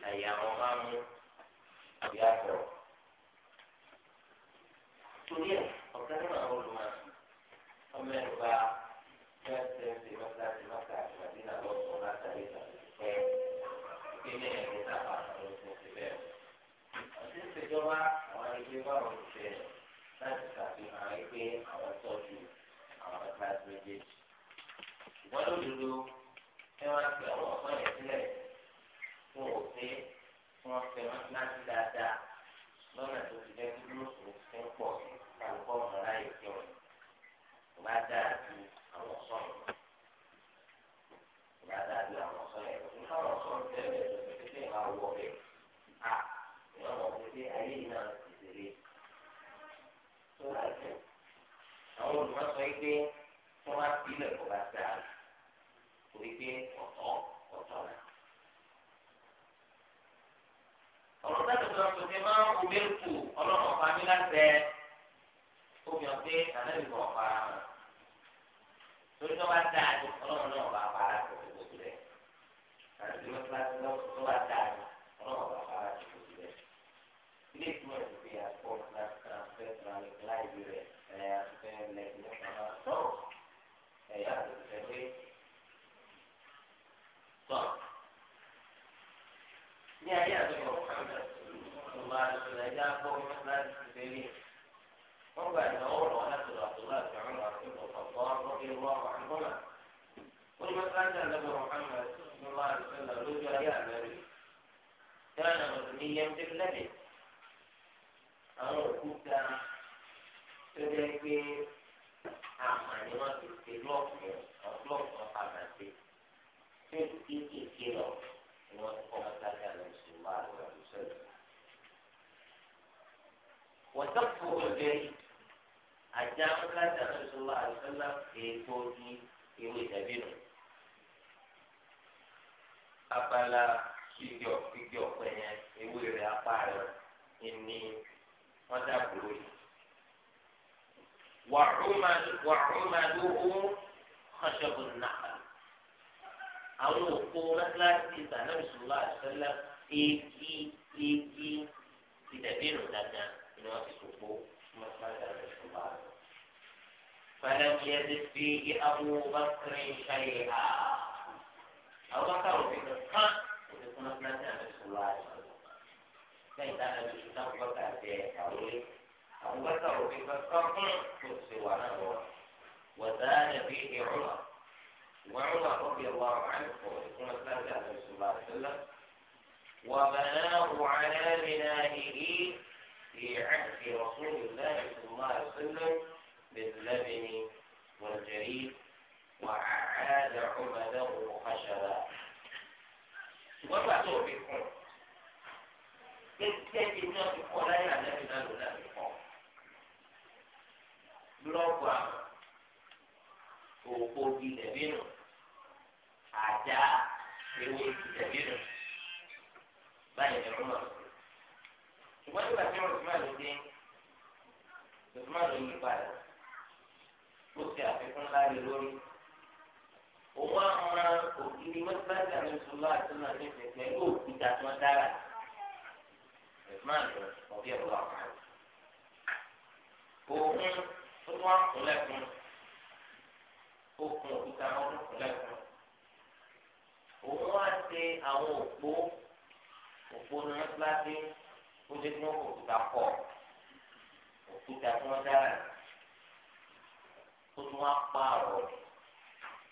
àyè àwọn máa mú ìyàtọ̀ torí ẹ ọ̀gá nínú àwọn olùmọ̀ ọmọ ẹ̀rọ bá fẹ́ẹ́sì mọ́tàdé mọ́tàdé mọ́tàdé lọ́sọ̀ọ́ látàrí ìtàkùn pẹ́ ìpínlẹ̀ ẹ̀rọ sábà àwọn oṣooṣù bẹ́ẹ̀. ọtí ìṣèjọba àwọn ẹgbẹ́ bá wọn ṣe láti ṣàfihàn ẹgbẹ́ àwọn láti méjèèjì ṣùgbọ́n lódodo ẹ máa fi àwọn ọ̀sán yẹn sílẹ̀ fún òfin tí wọ́n fẹ́ wọn láti dáadáa lọ́nà tó ti jẹ́ kí lóṣùn ti ń pọ̀ kálukọ́ mọ̀ láyé kí wọn bá dáa ju àwọn ọ̀sán yẹn bá dáa ju àwọn ọ̀sán yẹn lọ́sùn káwọn ọ̀sán tẹ̀lé lọ́sùn títí máa wọ̀ bẹ́ẹ̀ à ní àwọn òṣèlú ayé yìí náà ti tẹ̀lé tó láti àwọn olùmọ̀sọ yìí pé. máa fi ilẹ̀ kọ́ bá وعمله خشب النخل أو يقول mẹ́tíláṣí إذا نبي àṣẹlẹ éèkì éèkì ti dàbí ìrùn dandan ni wọ́n ti sòkó mẹ́tíláṣí sùlá. فلم يزد فيه أبو بكر شيئا أبو بكر في القاع وتكون مكانة رسول صلى الله عليه وسلم كان أبو عليه في أبو بكر إيه؟ في القاع كان فيه عمر وعمر رضي الله عنه ثم استنزل النبي صلى الله عليه وسلم وبناه على بنائه في عهد رسول الله صلى الله عليه وسلم باللبن والجريد وأعاد عمده خشبا وفتوه بكم كيف الناس يقول لا يعلم أنه لا يقول بلوكوا òkò di dẹ̀bí nù àjà ewé di dẹ̀bí nù báyìí ni wọ́n lọ. ṣùgbọ́n nígbà tí wọ́n ti máa lò dé lọ́sí máa lò yí padà ó ti àfikún láre lórí. òun àwọn ògiri mọ́tíláṣí àmì ìṣòro àti náà ní ìfẹ́ pẹ̀lú òkúta tí wọ́n dára. lọ́sí máa lò ọ̀bí ẹ̀rọ àwọn àrùn. òun ó tún wá kún lẹ́kùn ó kun òkúta wọn tó kún lẹ́kùn. Òun wá ṣe àwọn òpó òpó ní wọ́n bá dé ó dé fún òkúta pọ̀ òkúta tí wọ́n dára ó tún wá pààrọ̀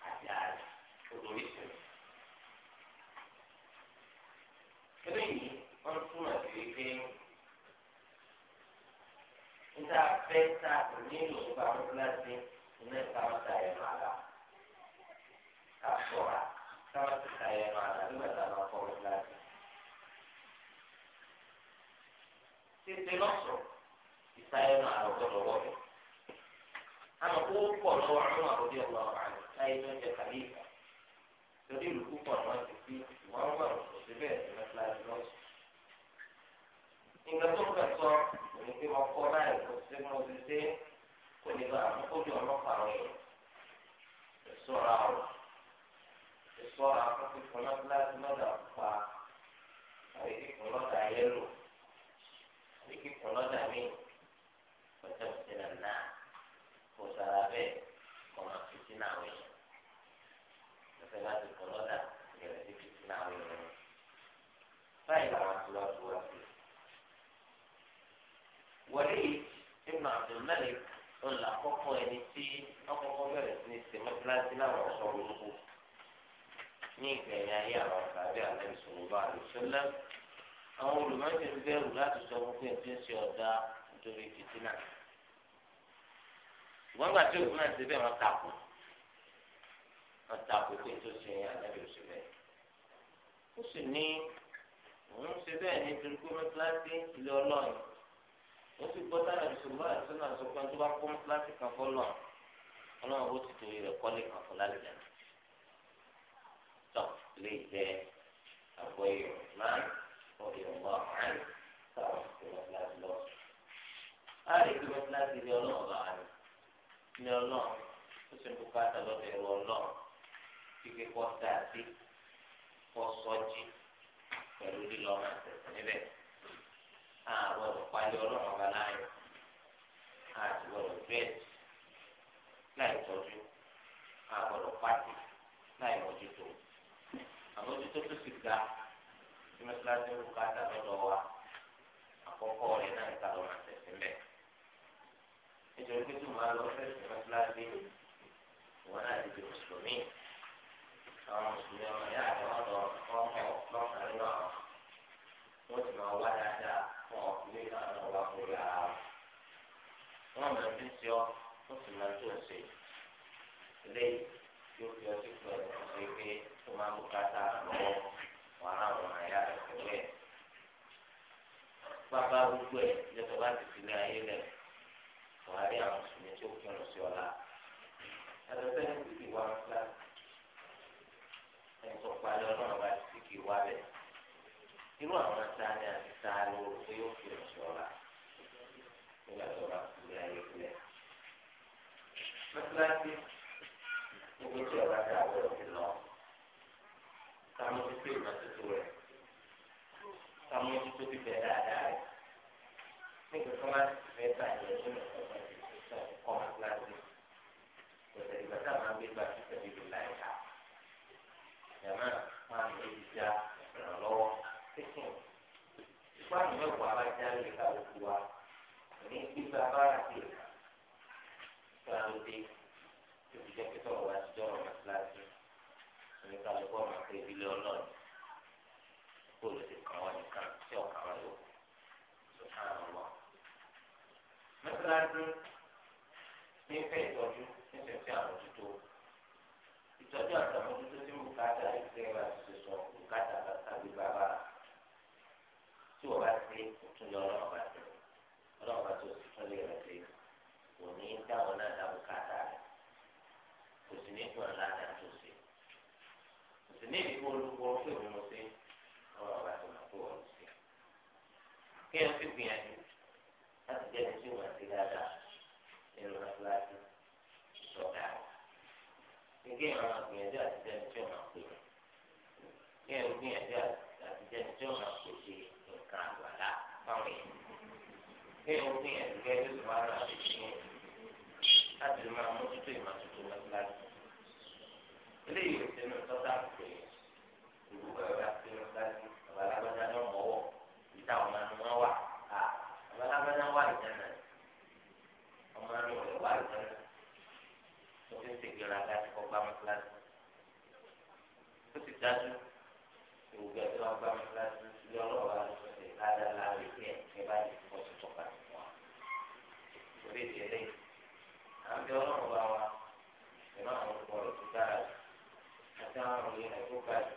àti àrẹ olórí sùn. Eléyìí wọ́n túmọ̀ sí wípé níta fẹ́ ta nílò ìgbà wọn láti ní ìta ọ̀tá ẹ̀ máa rà àfọwà táwọn ti ta ẹ̀rọ àná nígbà tá a máa fọwọ́ láti. títí lọ́sọ̀ ìta ẹ̀rọ àná ọ̀gbọ́dọ̀ wọ̀lẹ̀. àmọ́ kó pọ̀ lọ́wọ́ àwọn àròbí ọ̀gbọ́n àná láyé tó ń jẹ kàlífà. torí ìlú púpọ̀ náà ti fi wọ́n wà lọ́sọ̀ bẹ́ẹ̀ ní mẹ́tíláàdì lọ́sọ̀. ìgbà tó kẹ̀ sọ òní pé wọ́n kọ́ láì kó sí mo ti dé kò ní bá àmúkójú ọlọ́pàá rẹ̀ sọ̀rọ̀ àwọn sọ́ra fún fífún lọ́dọ̀ lọ́dọ̀ pa àbí fífún lọ́dọ̀ ayélu àbí fífún lọ́dọ̀ mi pẹ̀tẹ́ òsínà náà kò sára bẹ́ẹ̀ kọ́ máa fi sínú àwọn èèyàn lọ́sẹ̀ láti fún lọ́dọ̀ ìrẹ̀ sí fi sínú àwọn èèyàn báyìí làwọn ti wá tó wá sí i. wọlé ibn abdulmalik ńlá kọ́kọ́ ẹni tí ọkọ̀ọ̀kọ́ bẹ̀rẹ̀ sí ní sèmọ́tíláṣí láwọn ọ̀ṣọ́ olóko ní ìgbẹ̀yìn ayé àwọn ọ̀gáde àlẹ́bí sọ̀rọ̀ àlùsọ́lẹ̀ àwọn olùmọ̀ọ́sẹ̀ ń bẹ̀rù láti sọ fún pé ǹjẹ́ ṣe ọ̀dà nítorí fìtínà ṣùgbọ́n gbà tí òkú náà ti bẹ́ẹ̀ wọ́n takò wọ́n takò pé tó ṣe àlẹ́bí òṣèlẹ̀ ó sì ní òun ṣe bẹ́ẹ̀ ní torí pé mọ́tíláṣí ilé ọlọ́run ó sì gbọ́ sára ìṣòro àti sọ́nà àṣọ kan tó bá tọ lè jẹ àgọ ìrọ̀ máa kọ ìrọ̀ máa hàn táwọn ìrọ̀ láti lọ. a lè fi wọ́n láti ilé ọlọ́run bá wà ní ilé ọlọ́run ó sì ń bu káàtà lọ́dọ̀ ẹ̀rọ ọlọ́run kíkẹ́ kọ́ sáà sí kọ́ sọ́jí pẹ̀lú lílọ́ máa tẹ̀sán níbẹ̀ àwọn olùpàdé ọlọ́run ọba láàyò àti olùdúrẹ́ẹ̀tì láì tọ́jú àwọn olùpàdé láì mójútó àmójútó tó ti ga tí mẹsàlásì ń ká dá lọ́dọ̀ wa àkọ́kọ́ rẹ̀ náà ń ta lọ́wọ́ àti ẹ̀sìn bẹ́ẹ̀. nítorí pé tó máa lọ fẹ́ sí mẹsàlásì wọn náà ti di mùsùlùmí àwọn mùsùlùmí ọmọ yá àti wọn lọ ọkọ lọ́kàn nínú àwọn wọn ti máa wá dáadáa fún ọkùnrin náà náà wá fún yàrá wọn máa ń fi ń ṣe ọ wọn sì máa ń tó ń ṣe eléyìí tí ó fi ọtí pẹ̀ ṣe pé tó máa ń bùkátà lọ́wọ́ wọn á wọn àyà rẹ̀ sílẹ̀. Bàbá gbogbo ẹ̀ lẹ́tọ̀ bá ti filẹ̀ ayé lẹ̀. Buhari àwọn mùsùlùmí tí ó kírun sí ọ̀la. Ẹ̀rọ sẹ́yìn ti fi wá ńlá. Ẹni tó parí ọlọ́run bá ti kì í wá bẹ̀. Irú àwọn sáni àti sáni ó pé ó kírun sí ọ̀la. Nígbà tó bá filẹ̀ ayé lẹ̀ níbi tí ọba tá a bọ̀rọ̀ sí lọ. Kámo ti pé ìmọ̀tótó rẹ̀. Kámo ti tó bíbẹ̀ dáadáa rẹ̀. Nígbà tó máa ti fẹ́ bàjẹ́ nínú ọ̀gá ti fi sọ ọkọ̀ máa gíláàsì. Kòtò ìgbà tá a máa gbé gbà sí sẹ́bi ìlú láìka. Yàmá máa ń gbé ìjà ìrànlọ́wọ́. Ìpá àmì mẹ́wàá bá já lè ká òkú wa. Ní gbígbà bá rà sí ìlú. Sọ̀rọ̀ ló dé. Ìjẹ́ pé sọ̀rọ̀ wá kálukú ọmọ pé ilé ọlọ́run kó o lè kàn wọ́n nìkan tí ọ̀kà wọn yóò tó ká àwọn ọmọ. mẹ́tíláńtì ní fẹ́ ìtọ́jú níṣẹ́ tí àwọn ìtọ́jú àti àwọn ojútó tí bùkátà ìgbẹ́ wa ti ṣe sọ bùkátà bàtà gbígbà bára tí wọ́n bá ti tún yọ lọ́wọ́. ní ìdíwọ́ olùkọ́ pé òun ló ṣe ọ̀rọ̀ ọ̀la tó máa tó wọ̀ lọ sí. kí ẹ fi gbìyànjú láti jẹ́ ẹni tí wọ́n ti dáadáa nínú aṣáájú ìṣọ̀dá rẹ̀. kí ẹ máa gbìyànjú àti jẹ́ ẹni tí wọ́n máa pè é. kí ẹ gbìyànjú àti jẹ́ ẹni tí wọ́n máa pèsè nǹkan àgbàlá fáwọn èèyàn. kí ẹ gbìyànjú kí ẹ fi sùn wá náà ṣe ṣe láti máa mójútó ìmọ̀ tuntun lọ́síláṣí. eléyìí ò dájú ìwògbé tí wọn gbá mi láti ilé ọlọ́wọ́ àti ìlàdà láàrin ìpín ẹ bá yẹ kó tó tọ́ka sí wọn. torí ìdí ẹlẹ́yìn à ń bẹ ọlọ́run bá wa ìlú àwọn olùkọ́ rẹ̀ tó dára jù àti àwọn òye rẹ̀ tó ga jù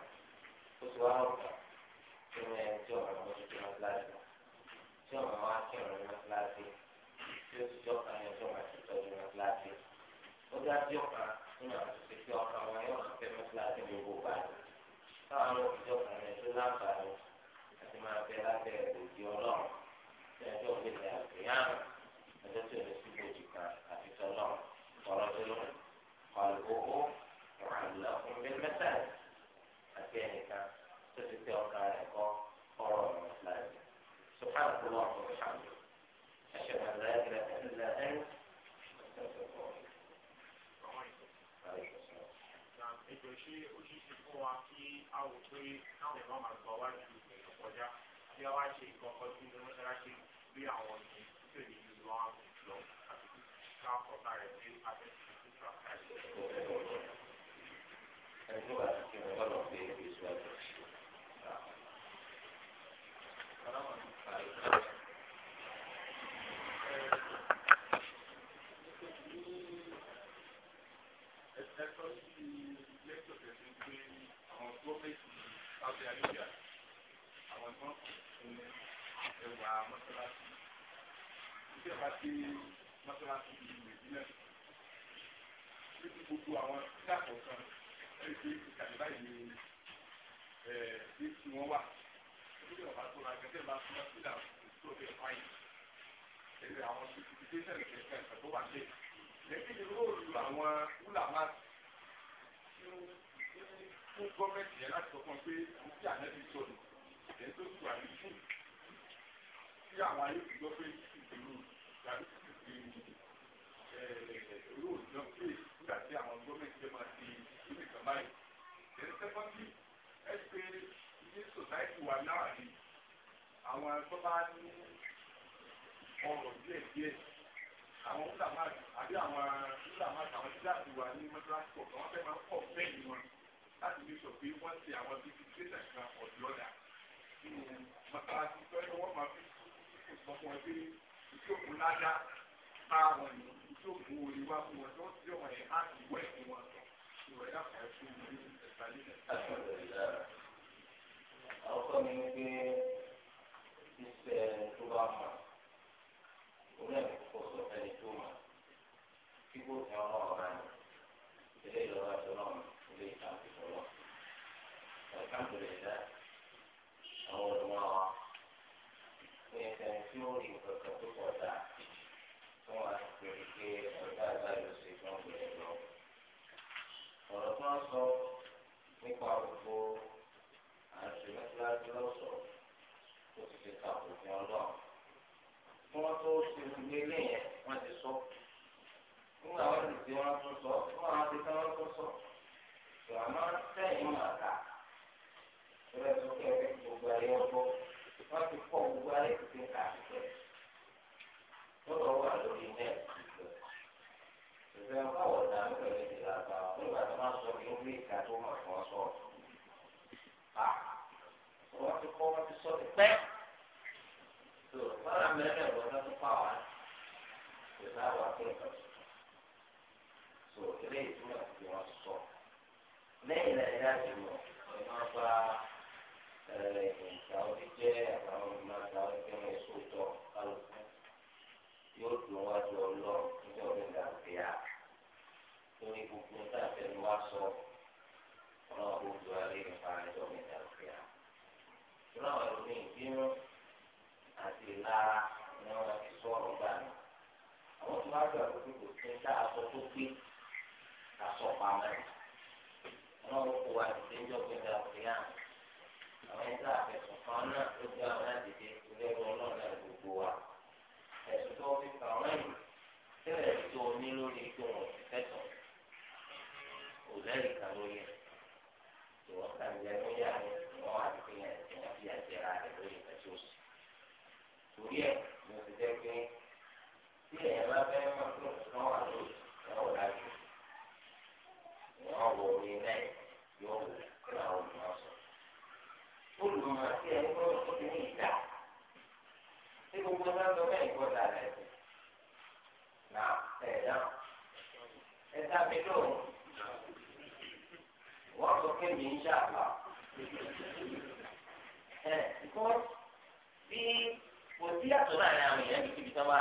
ó ti wá ọ̀gá tí wọ́n yẹ tí ọ̀rọ̀ wọn ti tẹ̀wọ́n láti tí ọ̀rọ̀ wọn á kí ọ̀rọ̀ wọn láti tí ó ti jọ́ kan ní ọjọ́ ti tọ́jú wọn láti ó dájú ọ̀k Roma gbogbo àwọn dàpọ̀ kan ẹni pé ìkàlẹ̀ báyìí ni ẹ̀ẹ́dì tí wọ́n wà lórí ọ̀bá tó ra gẹ́gẹ́ bá súnmọ́ sílẹ̀ tó lè fáyìn ẹ̀rọ àwọn sùpìtìtìtẹ̀ kẹ̀kẹ́ ẹ̀fẹ̀ tó wà lé lẹ́yìn tí yóò lu àwọn wúlàmá fún gọ́ọ̀mẹ̀ntì yẹn láti sọ fún un pé kí àná ti sọ̀rọ̀ ẹ̀ tó tù àlùfù tí àwọn ayé ti gbọ́ pé ìṣòro tàbí ìṣòro òjò pé nígbà tí àwọn gómìnà ṣe máa ti ìlú ìkàmbá yìí. Then secondly, ẹ ṣe ní society wa náà ni àwọn tó bá ní ọrọ̀ díẹ̀ díẹ̀ àwọn wúlàmáà àbí àwọn wúlàmáà àwọn tí láti wà ní mẹ́tíráṣí pọ̀ àwọn fẹ́ máa ń pọ̀ bẹ́ẹ̀ ni wọn láti ní sọ pé wọ́n ti àwọn bíbí tẹ́lẹ̀ kan ọ̀dọ́ ọ̀dà nínú mọ́tàlásí tó ẹ̀ wọ́n máa fi ìfọ̀kùn ẹ̀ pé ìṣòkò ládá bá wọn ní ìṣòkò òye wá fún wọn tó ti ọ̀rọ̀ á ti wẹ̀ fún wọn ìwẹ̀ dàpọ̀ ẹ̀ fún wọn ní ìtẹ̀síwájú. àkọ́kọ́ mi ni pé ṣíṣe tó bá mọ̀ òun náà kò sọ ẹni tó mọ̀ kí kò tẹ ọmọ ọ̀rá ni ilé ìlọ́wọ́ àti ọlọ́run ilé ìtàn àti ìfọlọ́. tí ó rí kankan tó pọ̀ dá tí wọ́n á pé ọ̀dà àgbáyọ̀ ṣe fún ọ̀gbìn lọ. ọ̀rọ̀ tí wọ́n sọ nípa gbogbo àṣẹ mẹ́tíláṣí lọ́sọ̀ tó ti fi ta òfin ọlọ́run. tí wọ́n tó ṣe ilé yẹn wọ́n ti sọ. nígbà wọ́n ti ti wọ́n tún sọ fún àwọn ti tán wọ́n tún sọ. ìwàmọ́ sẹ́yìn màkà. ìrẹsì kẹrin gbogbo ayé ọgbọ́n wọ́n ti kọ́ gbogbo ayé Yeah. bá rí nípa ẹjọ́ mi dàrú fi hàn. ìlú àwọn ẹlòmíì bínú àti ìlara ni wọ́n ti sọ̀rọ̀ gbà mí. àwọn tó bá gbà kó kí kò sí dá aṣọ tó gbé aṣọ pamọ́ ẹ̀. wọ́n kó wa ti ẹjọ́ mi dàrú fi hàn. àwọn ẹ̀dá àfẹ̀sùn kan náà ló gbé àwọn láti dé ilé ẹgbẹ́ ọlọ́run ẹ̀ gbogbo wa. ẹ̀sùn tó fi kàn wọ́n yìí tẹ́lẹ̀ tó ní lórí ikú wọn ti fẹ́tọ̀ kò lẹ́yìn kan lórí ẹ̀. torí ló ti jẹ́ pé tí èèyàn bá fẹ́ mọ̀ pé nǹkan wà lórí ìyàwó lájú ìyàwó wọ orí náà yóò wò kí làwọn olùmọ̀ sọ. olùmọ̀ sí ẹni tó ń tóbi ní ìdá tí gbogbo náà lọ bẹ́ẹ̀ gbọ́ dára ẹ̀sìn náà ẹ̀ dáhùn ẹ̀ dábí lóhùn wọ́n sọ pé mi ń ṣàlọ́ ẹ̀ ìkọ́ sí yàtọ̀ láàrin àwọn èèyàn níbi tí wọ́n bá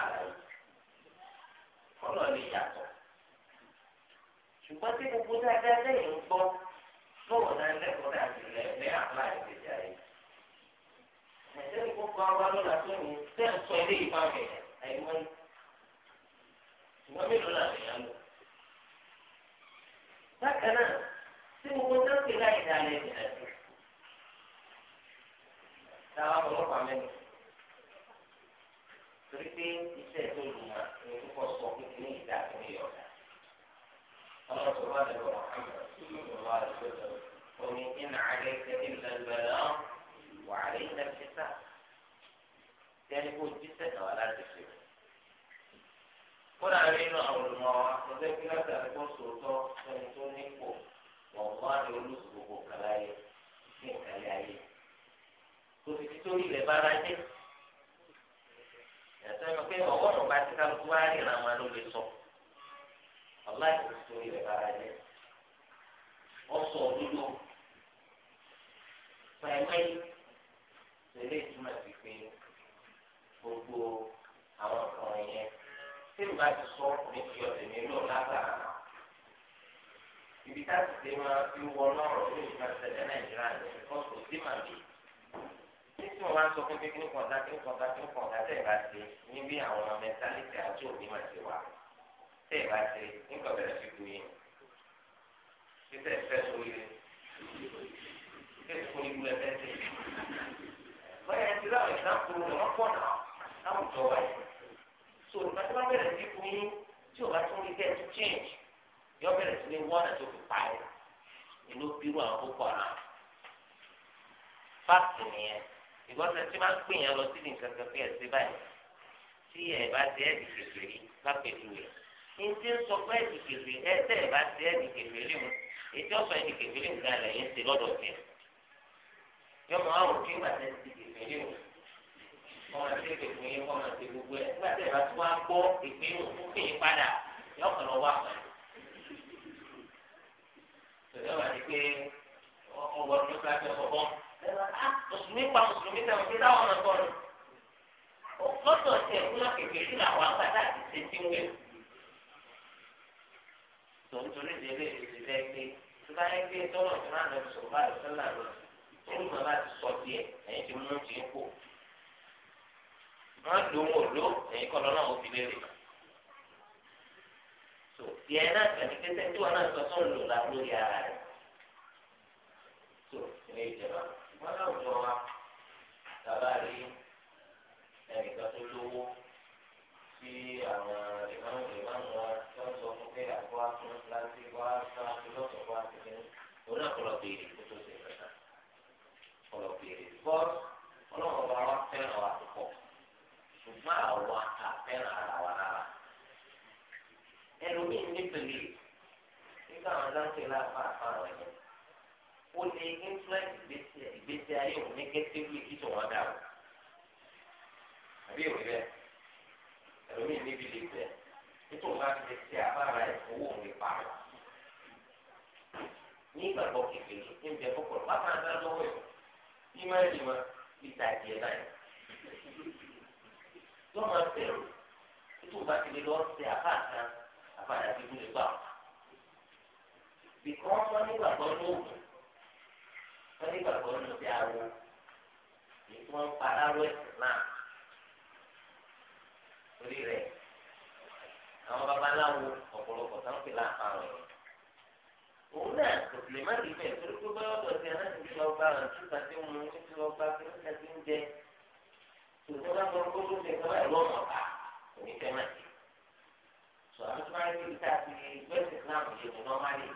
rà lè yàtọ̀ ṣùgbọ́n tí gbogbo dáadáa lẹ́yìn ń gbọ́ lọ́wọ́ náà lẹ́kọ̀ọ́ náà ti lẹ́ lẹ́ àpá ìgbésẹ̀ ayé nàìjíríà kó kọ́ wa lọ́la tó ní tẹ́ ń sọ ilé ìfà mi àìmọ́ ṣùgbọ́n mélòó náà lèèyàn lò bákan náà tí gbogbo dáadáa lẹ́yìn dáadáa lẹ́yìn dáadáa torí pé iṣẹ́ tó lù mà ní púpọ̀ sọ pé kí ní ìdá tó ní ọ̀dà. ọlọ́run tó bá lè wọ ọ̀hánà omi kí nà á lè tẹ́lẹ̀ lẹ́lẹ́lẹ́ wà á lè tẹ́lẹ̀ títà tẹ́lẹ̀ kó jíṣẹ́ náà láti fi. kódà nínú àwọn ọmọ mo fẹ́ kí láti àdúgbò sòótọ́ ẹni tó nípò wọ́n wá ní olùsòwò kàlàyé ní ìkàlẹ̀ ayé. kò tó ilẹ̀ bára jẹ́ sẹ́mi pé ọgọ́rùn-ún bá ti kálukú wá rí ìrànwọ́ ló lè sọ ọ̀la ìlú sórí rẹ̀ bára jẹ́ ọ̀sọ̀ òdodo pẹ̀lẹ́ tẹ̀lé ìtumọ̀ sí pé gbogbo àwọn nǹkan yẹn tí mo bá ti sọ ní ti ọ̀sẹ̀ mi lò lágbára náà ibi tá a ti ṣe máa fi wọ náà rọ̀ ní ìgbà nàìjíríà ní ìfọ̀sọ̀ sí màmí ní tí wọn bá ń sọ fún kékeré kọta kékeré kọta kékeré kọta tẹ ẹ bá ṣe ní bí àwọn mẹtálítì àti òbí máa ṣe wà tẹ ẹ bá ṣe nígbà bẹ̀rẹ̀ sí kú yín títẹ fẹ sórí rẹ títẹ fún ibú ẹ fẹ ṣe báyìí ẹ ti rà ọ̀sán náà kúrò ní wọn pọ̀ náà láwùjọ wa yìí so ìgbàdúrà bẹ̀rẹ̀ sí kú yín tí o bá tún rí kẹ́ change yọ bẹ̀rẹ̀ sí ní wọ́n àti òfin pa ẹ̀ inú bírú àwọn púpọ̀ náà fáàkì nìyẹn ìgbọ́sẹ̀ tí máa ń pè yẹn lọ sí nìkan kan pé ẹ̀sìn báyìí tí ẹ̀ bá ti ẹ̀dì kékeré lápẹ̀jùwẹ̀ ní tí ń sọ pé ẹ̀dì kékeré ẹ̀sẹ̀ ẹ̀ bá ti ẹ̀dì kékeré mu ètò ọ̀sọ̀ ẹ̀dì kékeré mu gan lẹ́yìn ti lọ́dọ̀ tẹ̀ yọmọ àwọn òkè gbà tẹ̀ ti kékeré mu ọmọ àti kékeré yẹn kọ́ àti gbogbo ẹ̀ gbà tẹ̀ bá tó wá gbọ́ ìpín mu fún kéyìn padà yọkàn lọ wá tòlẹ́wà ni pé ọgbọ́n mùsùlùmí pa mùsùlùmí sẹ́wọ̀n pé táwọn ọ̀nà bọ̀rọ̀ lọ́sọ̀ tiẹ̀ kúlọ̀ kẹ̀kẹ́ sí làwọn àgbàdo àti ṣètì ń wẹ̀. tòun torí ìdílé ìdílé fẹ́ pé tó bá yẹ pé tọ́lọ̀ tó náà lọ sọ̀rọ̀ bá lọ sọ́lá lọ torí màá bá ti sọ tiẹ̀ ẹ̀yìn ti mú ti ń kó. wọ́n lò wọ́n lò ẹ̀yìn kọ́ lọ́nà òbí léèrè. tó tiẹ̀ náà kàní pé sẹ́ńtì wọn náà sọ sọ́ọ̀lù wọn láwùjọ wa bàbá rí ẹnìkan tó lówó sí àwọn ìmáàmù ìmáàmù wa tó ń sọ fún pé àpò àfún láti wá sá lọ́sọ̀ wá sí ní òun náà kọlọ̀ béèrè kó tó ṣe kẹta kọlọ̀ béèrè bọ́ọ̀sì ọlọ́run nígbà wọn láti láfa àfa àwọn ó lè influence ìgbésí ayé òun negatively kí tó wọn dàrú àbí ìwé bẹ́ẹ̀ ẹlòmíì níbi lè bẹ́ẹ̀ títí òun bá ti lè ṣe àbára ẹ̀ owó òun lè parọ́ nígbà tó kékeré ń bẹ fọkọ̀ bá máa dá lọ́wọ́ ẹ̀ bí máa lè mọ ìtàjì ẹ̀ náà yóò máa bẹ̀rù títí òun ti lè lọ ṣe àbá kan àbára wọn nígbà lóògùn wọ́n ní bàbá ọ̀nà bí awo èyí tí wọ́n para wẹ́sì náà torí rẹ̀ àwọn babaláwo ọ̀pọ̀lọpọ̀ tó ń pè láàpá wọn yẹn òun náà kò sì lè má rí bẹ́ẹ̀ torí pé báyọ̀ tó ti ẹ̀rọ ti lọ gba ọ̀rọ̀ títa tí mo ní ti lọ gba kí níta ti ń jẹ tòun bá gbọ́ kó tó ṣe kọ́ ẹ̀rọ ọ̀nà ọ̀tá òní fẹ́ máa ṣe sọ àwọn tó máa ń rí ibi tá a ti gbẹ́sẹ̀ náà kò ṣe kò náà má lè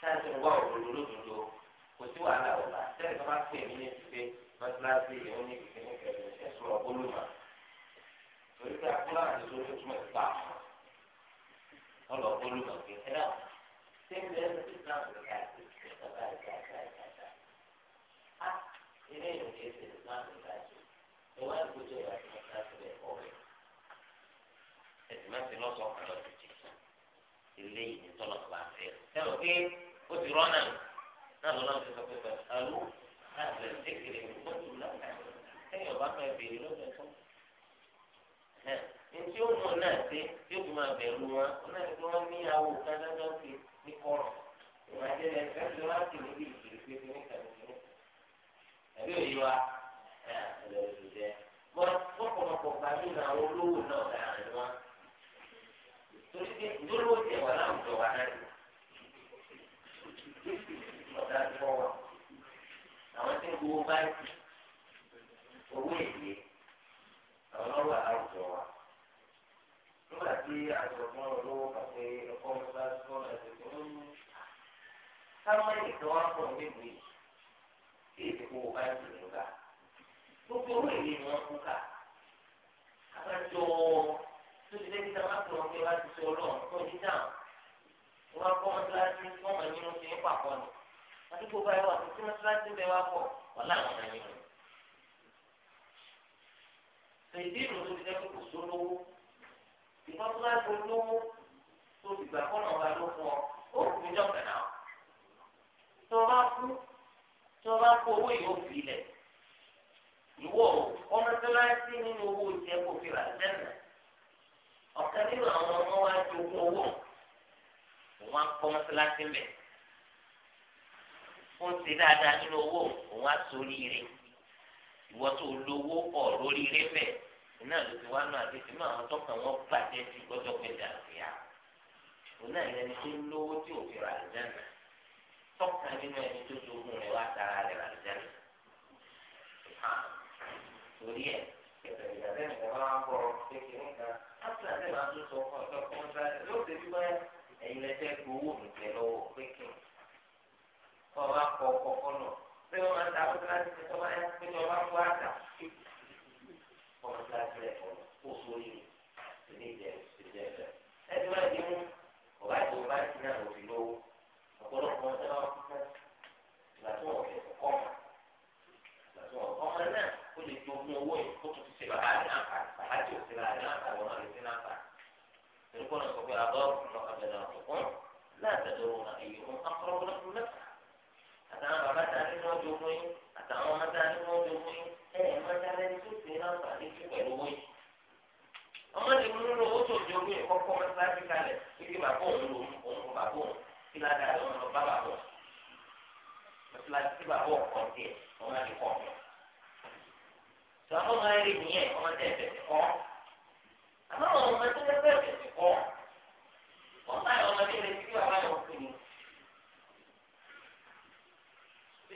tá a ti ń wá òdodo lódodo kò sí wàhálà ọ̀la tẹ́lẹ̀ tó bá pè mí ní ti pé mọ́tíláṣí ìyẹn ní kìkìní kẹ̀kẹ́ ẹ̀sùn ọ̀gbọ́lùmọ̀ torí pé akúlà àti sórí ó túmọ̀ ìpa ọlọ́ọ̀gbọ́lùmọ̀ kì í dá sẹ́ńdẹ̀ ẹ̀sùn ti náà lọ ká sí ìjọba ìjà ìjà ìjà ìjà á ilé ìrìn kì í ṣe ìsìláàmù ìdájọ́ ìwà ìgbójú ìwà tí wọ́n ká sílẹ̀ ọ̀rẹ́ ẹ̀sìn mẹ́sìn lọ́sọ̀ọ́ kan lọ́sọ̀ọ́ ilé ìdí tọ́lọ̀ náà lọ́nà ti sọ pé pẹ̀lú àti ẹ̀sìnkiri ìgbọ́tù náà ẹ̀yìn ọba kan ìbèrè lọ́sẹ̀ tó. ní tí ó mú náà dé tí ó fi máa bẹ̀rù wọn ó náà ní kí wọ́n ní àwọ̀ kájájọ́ sí ní kọ́rọ̀ ìwà jẹ́ ẹ̀fẹ́ ló wá sí níbi ìgbèrè pé ní kàdúgbò. ẹ̀bí òye wa ẹ̀ ẹ̀rọ jẹ́ bọ́ fọ́pọ̀lọpọ̀ pàmì ní àwọn ọ̀dà tó wà àwọn tí ń gbowó báyìí owó èlé àwọn ọlọ́wọ́ àwùjọ wa nígbà tí àjọ̀gbọ́n olówó pàṣẹ ẹ̀kọ́ mọ́tàlásọ́ ẹ̀sìnkú ń sáwọn ìtàn wá pọ̀ níbi tí ìdìbò báyìí ló ga gbogbo owó èlé ni wọ́n kú ká àbájọ tó ti lẹ́yìn táwọn àti wọn kí wọ́n ti sọ ọlọ́run tó ní dáhùn wọ́n kọ́ mọ́tàlásí wọ́n mọ̀ nínú ti ń pàpọ̀ nù àdúgbò báyìí wà títí mọ́sálásí bẹ́ẹ̀ wá pọ̀ wọ́n láwọn ẹ̀mí rẹ̀. Ṣèdí ìlú tó ti dẹ́kun kò sólówó. Ìgbà tó bá gbó lówó tó ti gbà kọ́ náà bá ló fún ọ, ó kù ní jọ̀ọ̀kà náà. Tó o bá kú, tó o bá kú owó yìí ó fi ilẹ̀. Ìwọ o, mọ́sálásí nínú owó ìjẹ́ kò fi rà sẹ́nà. Ọ̀kan nínú àwọn ọmọ wa ti ogún owó. Wọ́n á kọ́ mọ́sálásí mẹ́rin ó ti dáadáa nínú owó òun á sórí rẹ̀ ìwọ tó lówó ọ̀rọ̀ rírẹ́ bẹ́ẹ̀ iná ló ti wá nù àti tí mọ àwọn tọkàn wọn bàjẹ́ sí gbọ́dọ̀ pé dàbíà òun náà yẹn tó lówó tí òfin rà lẹ́nà tọkàn nínú ẹni tó dogun rẹ̀ wá tara rẹ̀ rà lẹ́nà torí ẹ̀ ẹ̀sẹ̀ ìgbàlẹ́ nìkan máa ń bọ̀ kékeré kan láti àti máa tún sọ fún ọ̀sọ́ fún ọ̀sá ló ṣe bí ẹ̀yin lẹ́sẹ̀ gbowó nìkan lọ́wọ́ kékeré ọba kọ kọkọ lọ pé wọn máa ta fún láti ṣe tọ́ba yẹn pé ọba kọ àtà ọmọ tí a ti rẹ̀ kọ kó sórí mi ní ìjẹ ìjẹ ìjẹ ẹni máa di mú ọba tí ọba ti náà lọ sí lówó ọ̀pọ̀lọpọ̀ ọjọ́ náà fún ìgbà tí wọn fẹ́ kọ́ ọmọ ìgbà tí wọn kọ́ ọmọ náà ó lè tó ogún owó yìí kó tó ti ṣe bàbá rẹ̀ náà fà bàbá tí ò sí bàbá rẹ̀ náà fà wọn lè sí náà fà torí kọ́ sọ pé àbọ̀ ọ̀nà àtàwọn bàbá ta ni wọ́n jogún yín àtàwọn ọmọ ta ni wọ́n jogún yín ẹ̀yìn ọmọ ta lẹni tó ti náà pàdé tó pẹ̀lú owó yìí. ọmọ ti mú lọ owó tó jogún yìí kọ́kọ́ mọ́sálásí kalẹ̀ kíkí bàbá òun lò òun kò bàbá òun kí ládàá lọ lọ bá bàbá òun. mọ́sálásí tí bàbá òun kọ́ tiẹ̀ ọmọ ti kọ́ ọ̀hún. sọ̀rọ̀ ọmọ ẹ̀rí nìyẹn ọmọ tẹ̀sẹ̀ kọ́ àmọ́ ọmọ tó lẹ́gbẹ̀ẹ́ kọ́ ọ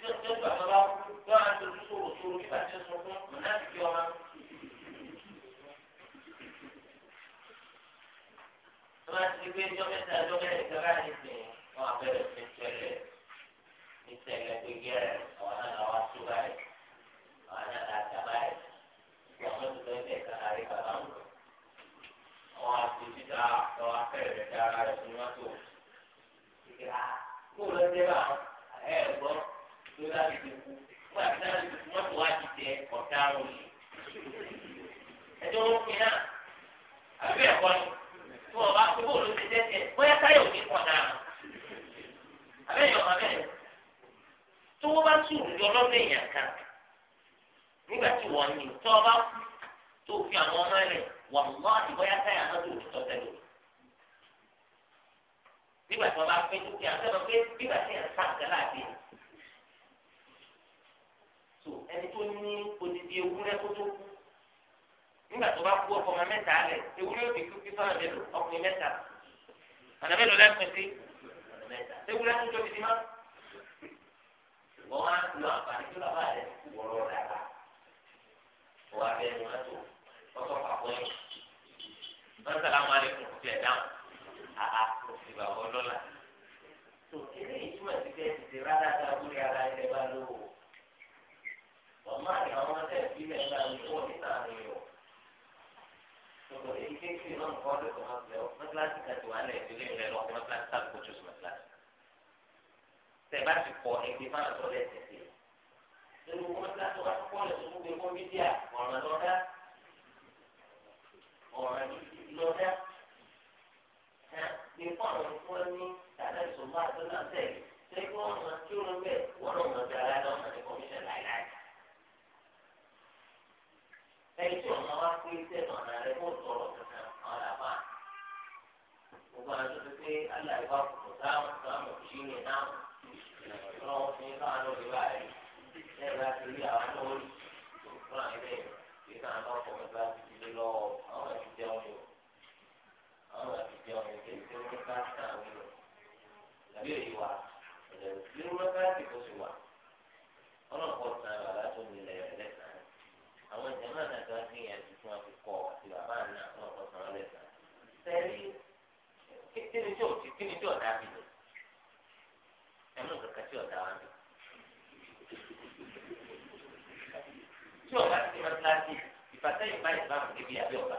tó tó gbà tó bá tó à ń sòrò sòrò nígbà tí ó fún ọ̀nà ọmọ. tó bá ti di ẹjọ́ mẹ́ta ẹjọ́ mẹ́rin ìjọba ní ìsìn wọn àbẹ̀rẹ̀ sí tẹ̀lé ní tẹ̀lé pé gẹ́rẹ́ àwọn náà làwọn tó báyìí àwọn náà làtà báyìí ìgbà wọn tó fẹ́ bẹ̀ẹ̀ kára rí bàbá wọn. àwọn àti títà àwọn afẹ́rẹ̀ dára rẹ̀ fún wọn tó. kó lọ dé báwọn. ló dájú pé kú fún àtàrà mọ́tò wá ti tẹ ọ̀tá wọn yìí. ẹjọ́ wọn fi náà àbí ẹ̀kọ́ ni tí wọ́n bá tó bóòlù ti tẹ́tẹ́ bóyá wọ́n pín dúkìá sẹ́nu pé nígbà tí yẹn sá nǹkan so ẹni tó ní odidi ewúrẹ́ kó tó kú nígbà tó bá kú ọkọ ọmọ mẹ́ta alẹ̀ ewúrẹ́ yóò fi kú kí sọ́nà mélòó ọkùnrin mẹ́ta ọ̀nà mélòó lẹ́kùn sí ọ̀nà mẹ́ta ewúrẹ́ tó tóbi ti má wọ́n á lọ àǹfààní tó bàbá rẹ̀ kú wọ́ọ́rọ́ dára wọ́n á bẹ́ẹ̀ mú mọ́tò ọkọ̀ pàpọ̀ yìí wọ́n sàlámù alẹ́ kùn kùtì ẹ̀ dáhùn àhà òfin bàbá ọlọ́lá. bí ìmọ̀ nǹkan ọ̀dọ̀ tó máa ń bẹ̀ ọ́ mọ́tíláṣí kàtó wà lẹ̀ ìdílé rẹ̀ lọ́kọ́ mọ́tíláṣí tàbí kó tóṣù mọ́tíláṣí. tẹ̀ bá ti pọ̀ ẹgbẹ́ máa sọ lẹ́sẹ̀ sí i. nínú mọ́tíláṣí wa kọ́ lẹ̀ tó gbé fún mídíà ọ̀ràn lọ́dá ọ̀ràn lọ́dá ní fún àwọn tí wọ́n ní tàbí ìṣòwò àtúnṣe tẹ̀lé ṣé kí wọ́n máa kí wọ́n bẹ̀ wọ́n náà máa bẹ̀ aláàdá ọ̀nà ní kọ́míṣẹ̀ láìláì. ẹni tí ọ̀nà wa pé sẹ́nu ọ̀nà gbogbo àwọn tó ti pé aláì bá kò sáàmù sáàmù kì í ní náà lọ́wọ́ fún yín káwọn lórí báyìí lẹ́yìn láti rí àwọn lórí tó fún àwọn ilé yìí kí káwọn lọ́wọ́ fún ọ̀gá ti lé lọ́wọ́ àwọn ti jẹun yìí àwọn ti jẹun yìí kí èsì ní ká sáàmù yìí tàbí èyí wa ọ̀dẹ̀ òsì ní wọ́n bá ti kó sí wa ọlọ́pọ̀ sàn bàbá tó nílẹ̀ lẹ́sàn àwọn ìjàmbá náà ti wá sí ìyẹn tuntun àti kọ àti bàbá náà ọlọ́pọ̀ sàn lẹ́sàn sẹ́yìn kí ni tí o ti kí ni tí o dá bi lò ẹmu kankan tí o dá wa bi tí o bá ti máa láti ìfàsẹ́ ìfà ìfà mi níbi àbí ọba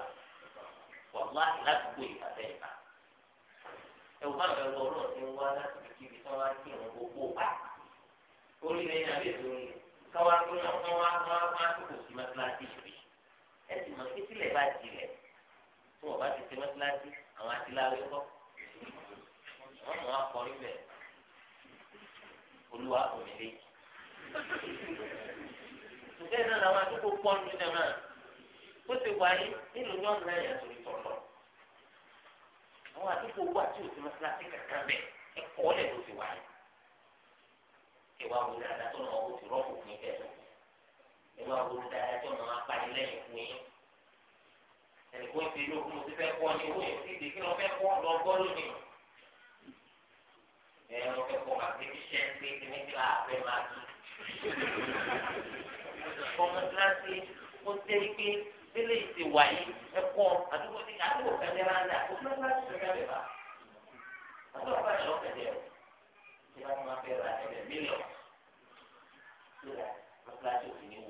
wàhálà láti kó ìfàsẹ́ ìfà ẹwù bá bẹ̀rẹ̀ lọ ọlọ́run ti ń wá láti fi kíbi tí wọ́n á kí ìrìn gbogbo pa orílẹ̀ ní abẹ́ ìlú ni káwá tó ń wọ́n wá wọ́n wá tó kò sí máa láti ìfì ẹ sì mọ̀ kí sílẹ̀ bá jilẹ̀ tí wọ́n bá ti ṣe máa láti àwọn àtìláwé kọ́ wọn mọ akọrí bẹ olúwa òmìnirí ṣùgbọ́n iná làwọn àdúgbò pọ̀ ní ìjọba bó ti wáyé nílùú náà náà yà sórí tọ̀tọ̀ àwọn àdúgbò wà tí o ti mọ síláṣí kankan bẹ ẹ̀kọ́ lẹ̀ ló ti wáyé ìwà wo dáadáa tó náà o ti rọ́pò fún ìfẹ́ tó ìwà wo dáadáa tó náà apáyé lẹ́yìn fún yín ẹnì kó ń fi inú òkú mo ti fẹ́ kọ́ ni owó yẹn ti dè kí lọ́ fẹ́ kọ́ lọ́ lónìí ẹ mo fẹ́ kọ́ máa fi ṣẹ́ pé kí ní kílá àfẹ́ máa tù. ọmọ kíláàsì ó jẹ́ pé délé ìsè wáyé ẹ̀kọ́ àdúgbò ní àdúgbò kẹlẹ́ máa ń dà kó fẹ́ máa tù ẹ̀ka bẹ́ẹ̀ bá. àdúgbò bá yọ̀ ọ́kẹ́dẹ́ ọ̀ tí wọ́n máa fẹ́ ra ẹ̀bẹ̀ mílíọ̀nù. sódà wọ́n kíláàsì òfin ní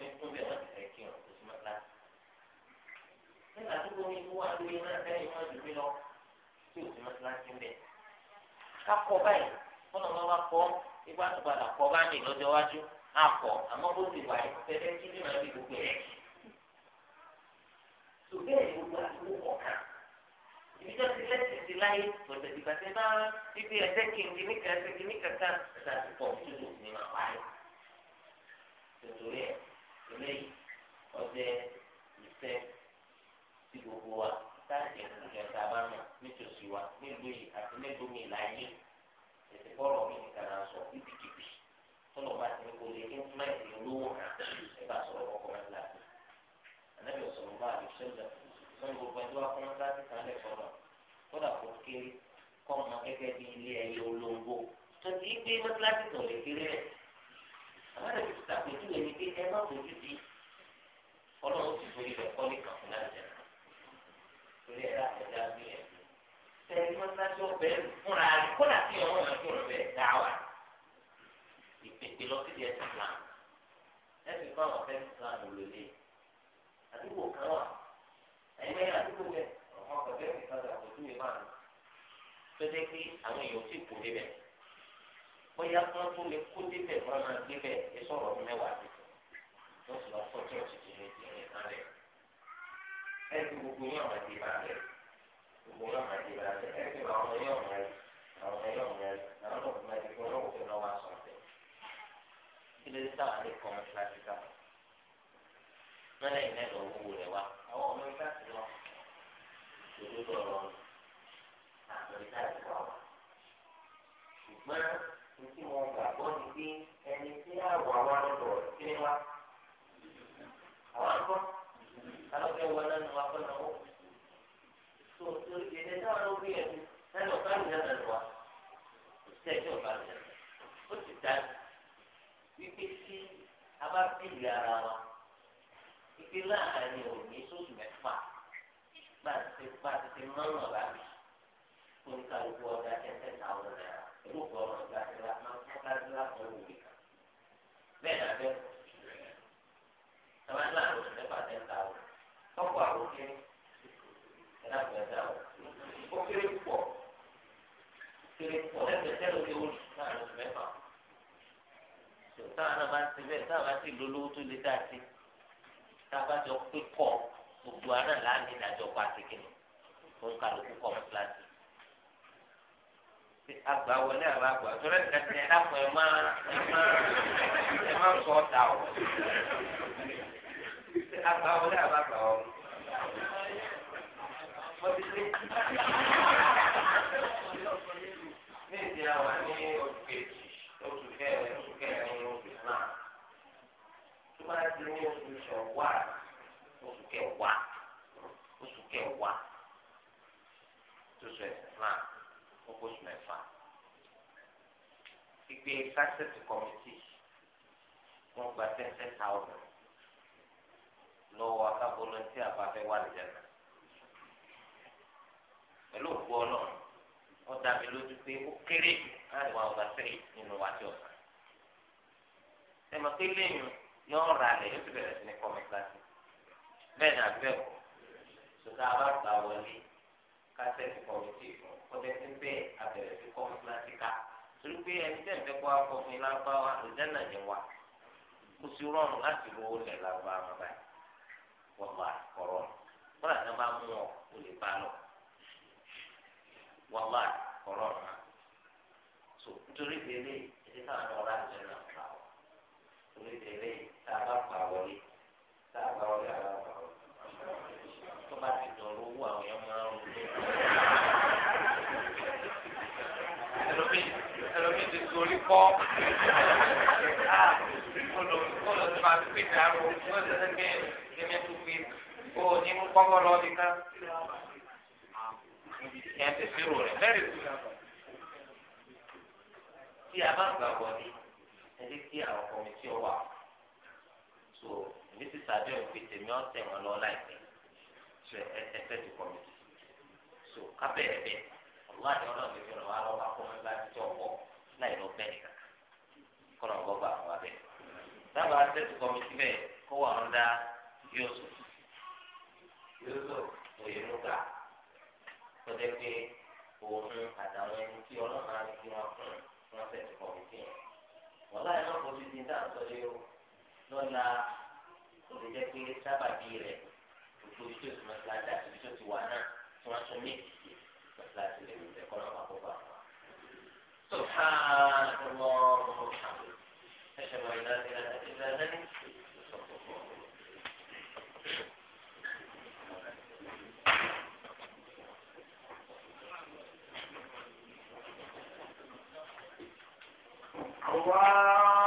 ní kún bẹ́ẹ̀ wọ́n ti fẹ́ kí wọn kó sí mọ́tíláṣí. nígbà tó kó ní kó wá lórí náà sẹ́yìn wọn jù mí lọ tí ò sí mọ́tíláṣí bẹ́ẹ̀. kakọ báyìí wọn lọ́wọ́ wá kọ́ ipá tó padà kọ́ bá mi lọ́jọ́ wájú àkọ́ àmọ́ bó ti wà ìfẹ́fẹ́ kí ní màá bí gbogbo ẹ̀ ṣùgbọ́n ìgbogbo àti ìjọ ti lẹ́sìn ti láyé pẹ̀lú ìgbà tí bá fífi ẹsẹ̀ kìíní nìkan ẹsẹ̀ kìíní kankan ṣàtìpọ̀ fún ìlú ní màá wáyé. Tòtòrí ẹ̀ eléyìí ọjọ́ ìfẹ́ tí gbogbo wa táàkì ìrìnàjò tá a bá mọ̀ nítòsí wa nílùú yìí àti nílùú mi láàyè ètò bọ́ọ̀rọ̀ mi nìkan náà sọ kíkìkì tọ́lọ̀ bá ti ní kó lè íńtúmẹ̀tì olówó hàn nígbà sọ̀rọ̀ kọ́kọ́ mẹ́ta láti. ànábì ọ̀sọ̀rọ̀ bá àbí sọ́jà wọn gbogbo ẹjọ́ akọ́nà láti kan sọ̀rọ̀ kódà kó kéré kọ́ ọmọ gẹ́gẹ́ bí ilé ẹyẹ olóńgbò tó ti gbé mọ́tíláṣí tó lè kéré rẹ̀ àwọn ẹ̀rọ ti sàpèjúwe ni pé ẹ má bójú di ọlọ́run ti forí rẹ̀ kọ́ ní kàfún láti ẹ̀ torí ẹ̀ láti ẹ̀dá bí ẹ̀ sẹ́yìn mọ́sájú ọbẹ̀ fúnra rẹ̀ kó láti ọ̀rọ̀ náà tó rọ̀ bẹ́ẹ̀ dá wa ìpèpè lọ sí ẹ̀sìn Islam ẹ̀sìn fún àwọn ọ̀fẹ́ Islam lòlẹ̀ àdúgbò kan wà ẹ̀yìn mẹ́rin àdúgbò bẹ́ẹ̀ ọ̀kan kọ̀ọ̀kan ẹ̀sìn kan bóyá kí wọ́n tún lè kó débẹ̀ kí máa débẹ̀ ẹ sọ̀rọ̀ mẹ́wàá débẹ̀ wọ́n sì lọ fọ́ chọ́ọ̀chì ní ti ní kan ẹ ti gbogbo yín ọ̀mà dé bá rẹ̀ gbogbo yín ọ̀mà dé bá rẹ̀ ẹ ti bá ọmọ yín ọ̀mà rẹ̀ ọmọ yín ọ̀mà rẹ̀ àwọn ọmọ ọ̀mà rẹ̀ kí wọ́n fẹ́ lọ́wọ́ aṣọ rẹ̀ kí ló dé táwọn ní kọ́mọ ọmọ kíláàsì lọ òdodo ọ̀rọ̀ tí wọn gbàgbọ́ ni pé ẹni tí àwọ̀ àwọn ọ̀dọ̀ tí ni wá. àwọn akọ alọ́kẹ́ wọn lẹ́nu wa fún ọ̀hún. tó o tó ìdílé náà ló rí ẹ̀mí lẹ́nu ọ̀gá mi náà lọ wa. kò sí ẹjọ́ ọ̀gá mi náà. ó sì dá wípé tí a bá bìlì ara wa ìpè láàárín òní sóṣù mẹ́fà bá a ti bá mi. kó ní kálukú ọjà tẹ́tẹ́ táwọn náà tó kọ ọ̀rọ̀ ìgbàdúrà máa ń kọ́kádúrà kan wò lè kà bẹ́ẹ̀ náà bẹ́ẹ̀ tọ́ba náà lọ sí nípa tẹ́ńtà o tọ́pọ̀ àwọn kéré ẹ̀dá gbẹ̀dá o ó kéré pọ̀ kéré pọ̀ lẹ́gbẹ̀ẹ́ tẹ́lẹ̀ orí orí náà lọ sí mẹ́fà táwọn náà bá ń ti bẹ́ẹ̀ táwọn bá ti lólówó tó lé dáa sí táwọn bá jọ pé kọ́ gbogbo àná láàrin ìdájọ́ pa ti kìnnì òun kà ló kú kọ́ mọ́ kíláàsì agba wọlé àbá agba tó lẹ́nu kẹsì ẹ̀ dàpọ̀ ẹ̀ má ẹ̀ má sọ ọ̀tà ọ̀ agba wọlé àbá agba ọ̀ mọ̀tìtì ní ìdí àwọn ní oṣù kejì oṣù kẹrin oṣù kẹrin oṣù náà tó bá ti ní oṣù sọ̀wá oṣù kẹwàá oṣù kẹwàá tó sọ ẹ̀sìn náà oṣù mẹ́fà ìgbé kásẹ̀tì kọ̀mìtì wọ́n gba ten ten thousand lọ́wọ́ akábọ́lọ́ tí a bá fẹ́ wà lẹ́yìn náà pẹ̀lú òkú ọlọ́run ó dá mi lójú pé ó kéré láti wà ọ̀gá tírì nínú wa tí ọ̀sán ẹ̀mọ̀ pé lẹ́yìn yọ̀ọ́ ra rẹ̀ yóò ti bẹ̀rẹ̀ sí ní kọ́mẹ́tì láti ni àgbẹ̀ kọ́ sọ̀tà bá gbà wọlé kásẹ̀tì kọ̀mìtì fún ọbẹ̀ tí ń bẹ abẹ̀rẹ̀ sí kọ́ mọ́sálásí ká torí pé ẹni tẹ̀ ń fẹ́ kó akọ fún ilá bá wa àlùjáná ni wa kó sì rọrùn láti rówó lẹ̀ lábá wọn báyìí wọ́n bá kọ̀rọ̀ wọn bá mú ọ o lè bá lọ wọ́n bá kọ̀rọ̀ so nítorí ìdílé ìdí náà ní ọ̀rá àlùjáná fà wọ́n torí ìdílé tá a bá pa wọlé tá a bá wọlé àlọ́ tó bá ti dọ̀rọ̀ owó àwọn yẹn máa ń torí kọ́ olùkọ́lọ́ tó máa fi dàrú wọ́n ti gbé ẹ̀mí tó gbé kó o ní kọ́kọ́ lọ bí ká yẹn ti fi rò rẹ̀ lẹ́rìí tí a bá gbàgbọ́ ni ẹni tí àwọn kọ̀mìtì wà so èmi ti sàdé òfin tèmi ọ̀tẹ̀ wọn lọ láìpẹ́ so ẹsẹ̀ ti kọ̀mìtì so kábẹ́ẹ̀ bẹ́ẹ̀ ọ̀gbọ́n àti ọlọ́run ti fi ràn wá lọ́wọ́ àkọ́mọ́ ti tọ̀ wọ́ láì lọ bẹ́ẹ̀ nìkan kọ́nà ọ̀gbọ́n bá àwọn abẹ́. dábàá sẹ́tù kọ́mítì bẹ́ẹ̀ kó wà ń dá Yusuf Yusuf Òyìnbá kọ́jà pé òun àtàwọn ẹni tí ọlọ́run á fi wọn fún wọn sẹ́tù kọ́mítì yẹn. wọ́n láì náà fojú di dáa sọ́lé o lọ́la olùjẹ́ pé sábàbí rẹ̀ òkú ibi tí o sì máa ń gbá dá ibi wà náà tí wọ́n tún mí kìkì lọ́sílẹ̀ àti ilé ìwé ìtẹ́kọ́ náà wà kó سبحان الله وبحمده أشهد أن لا إله إلا أنت الله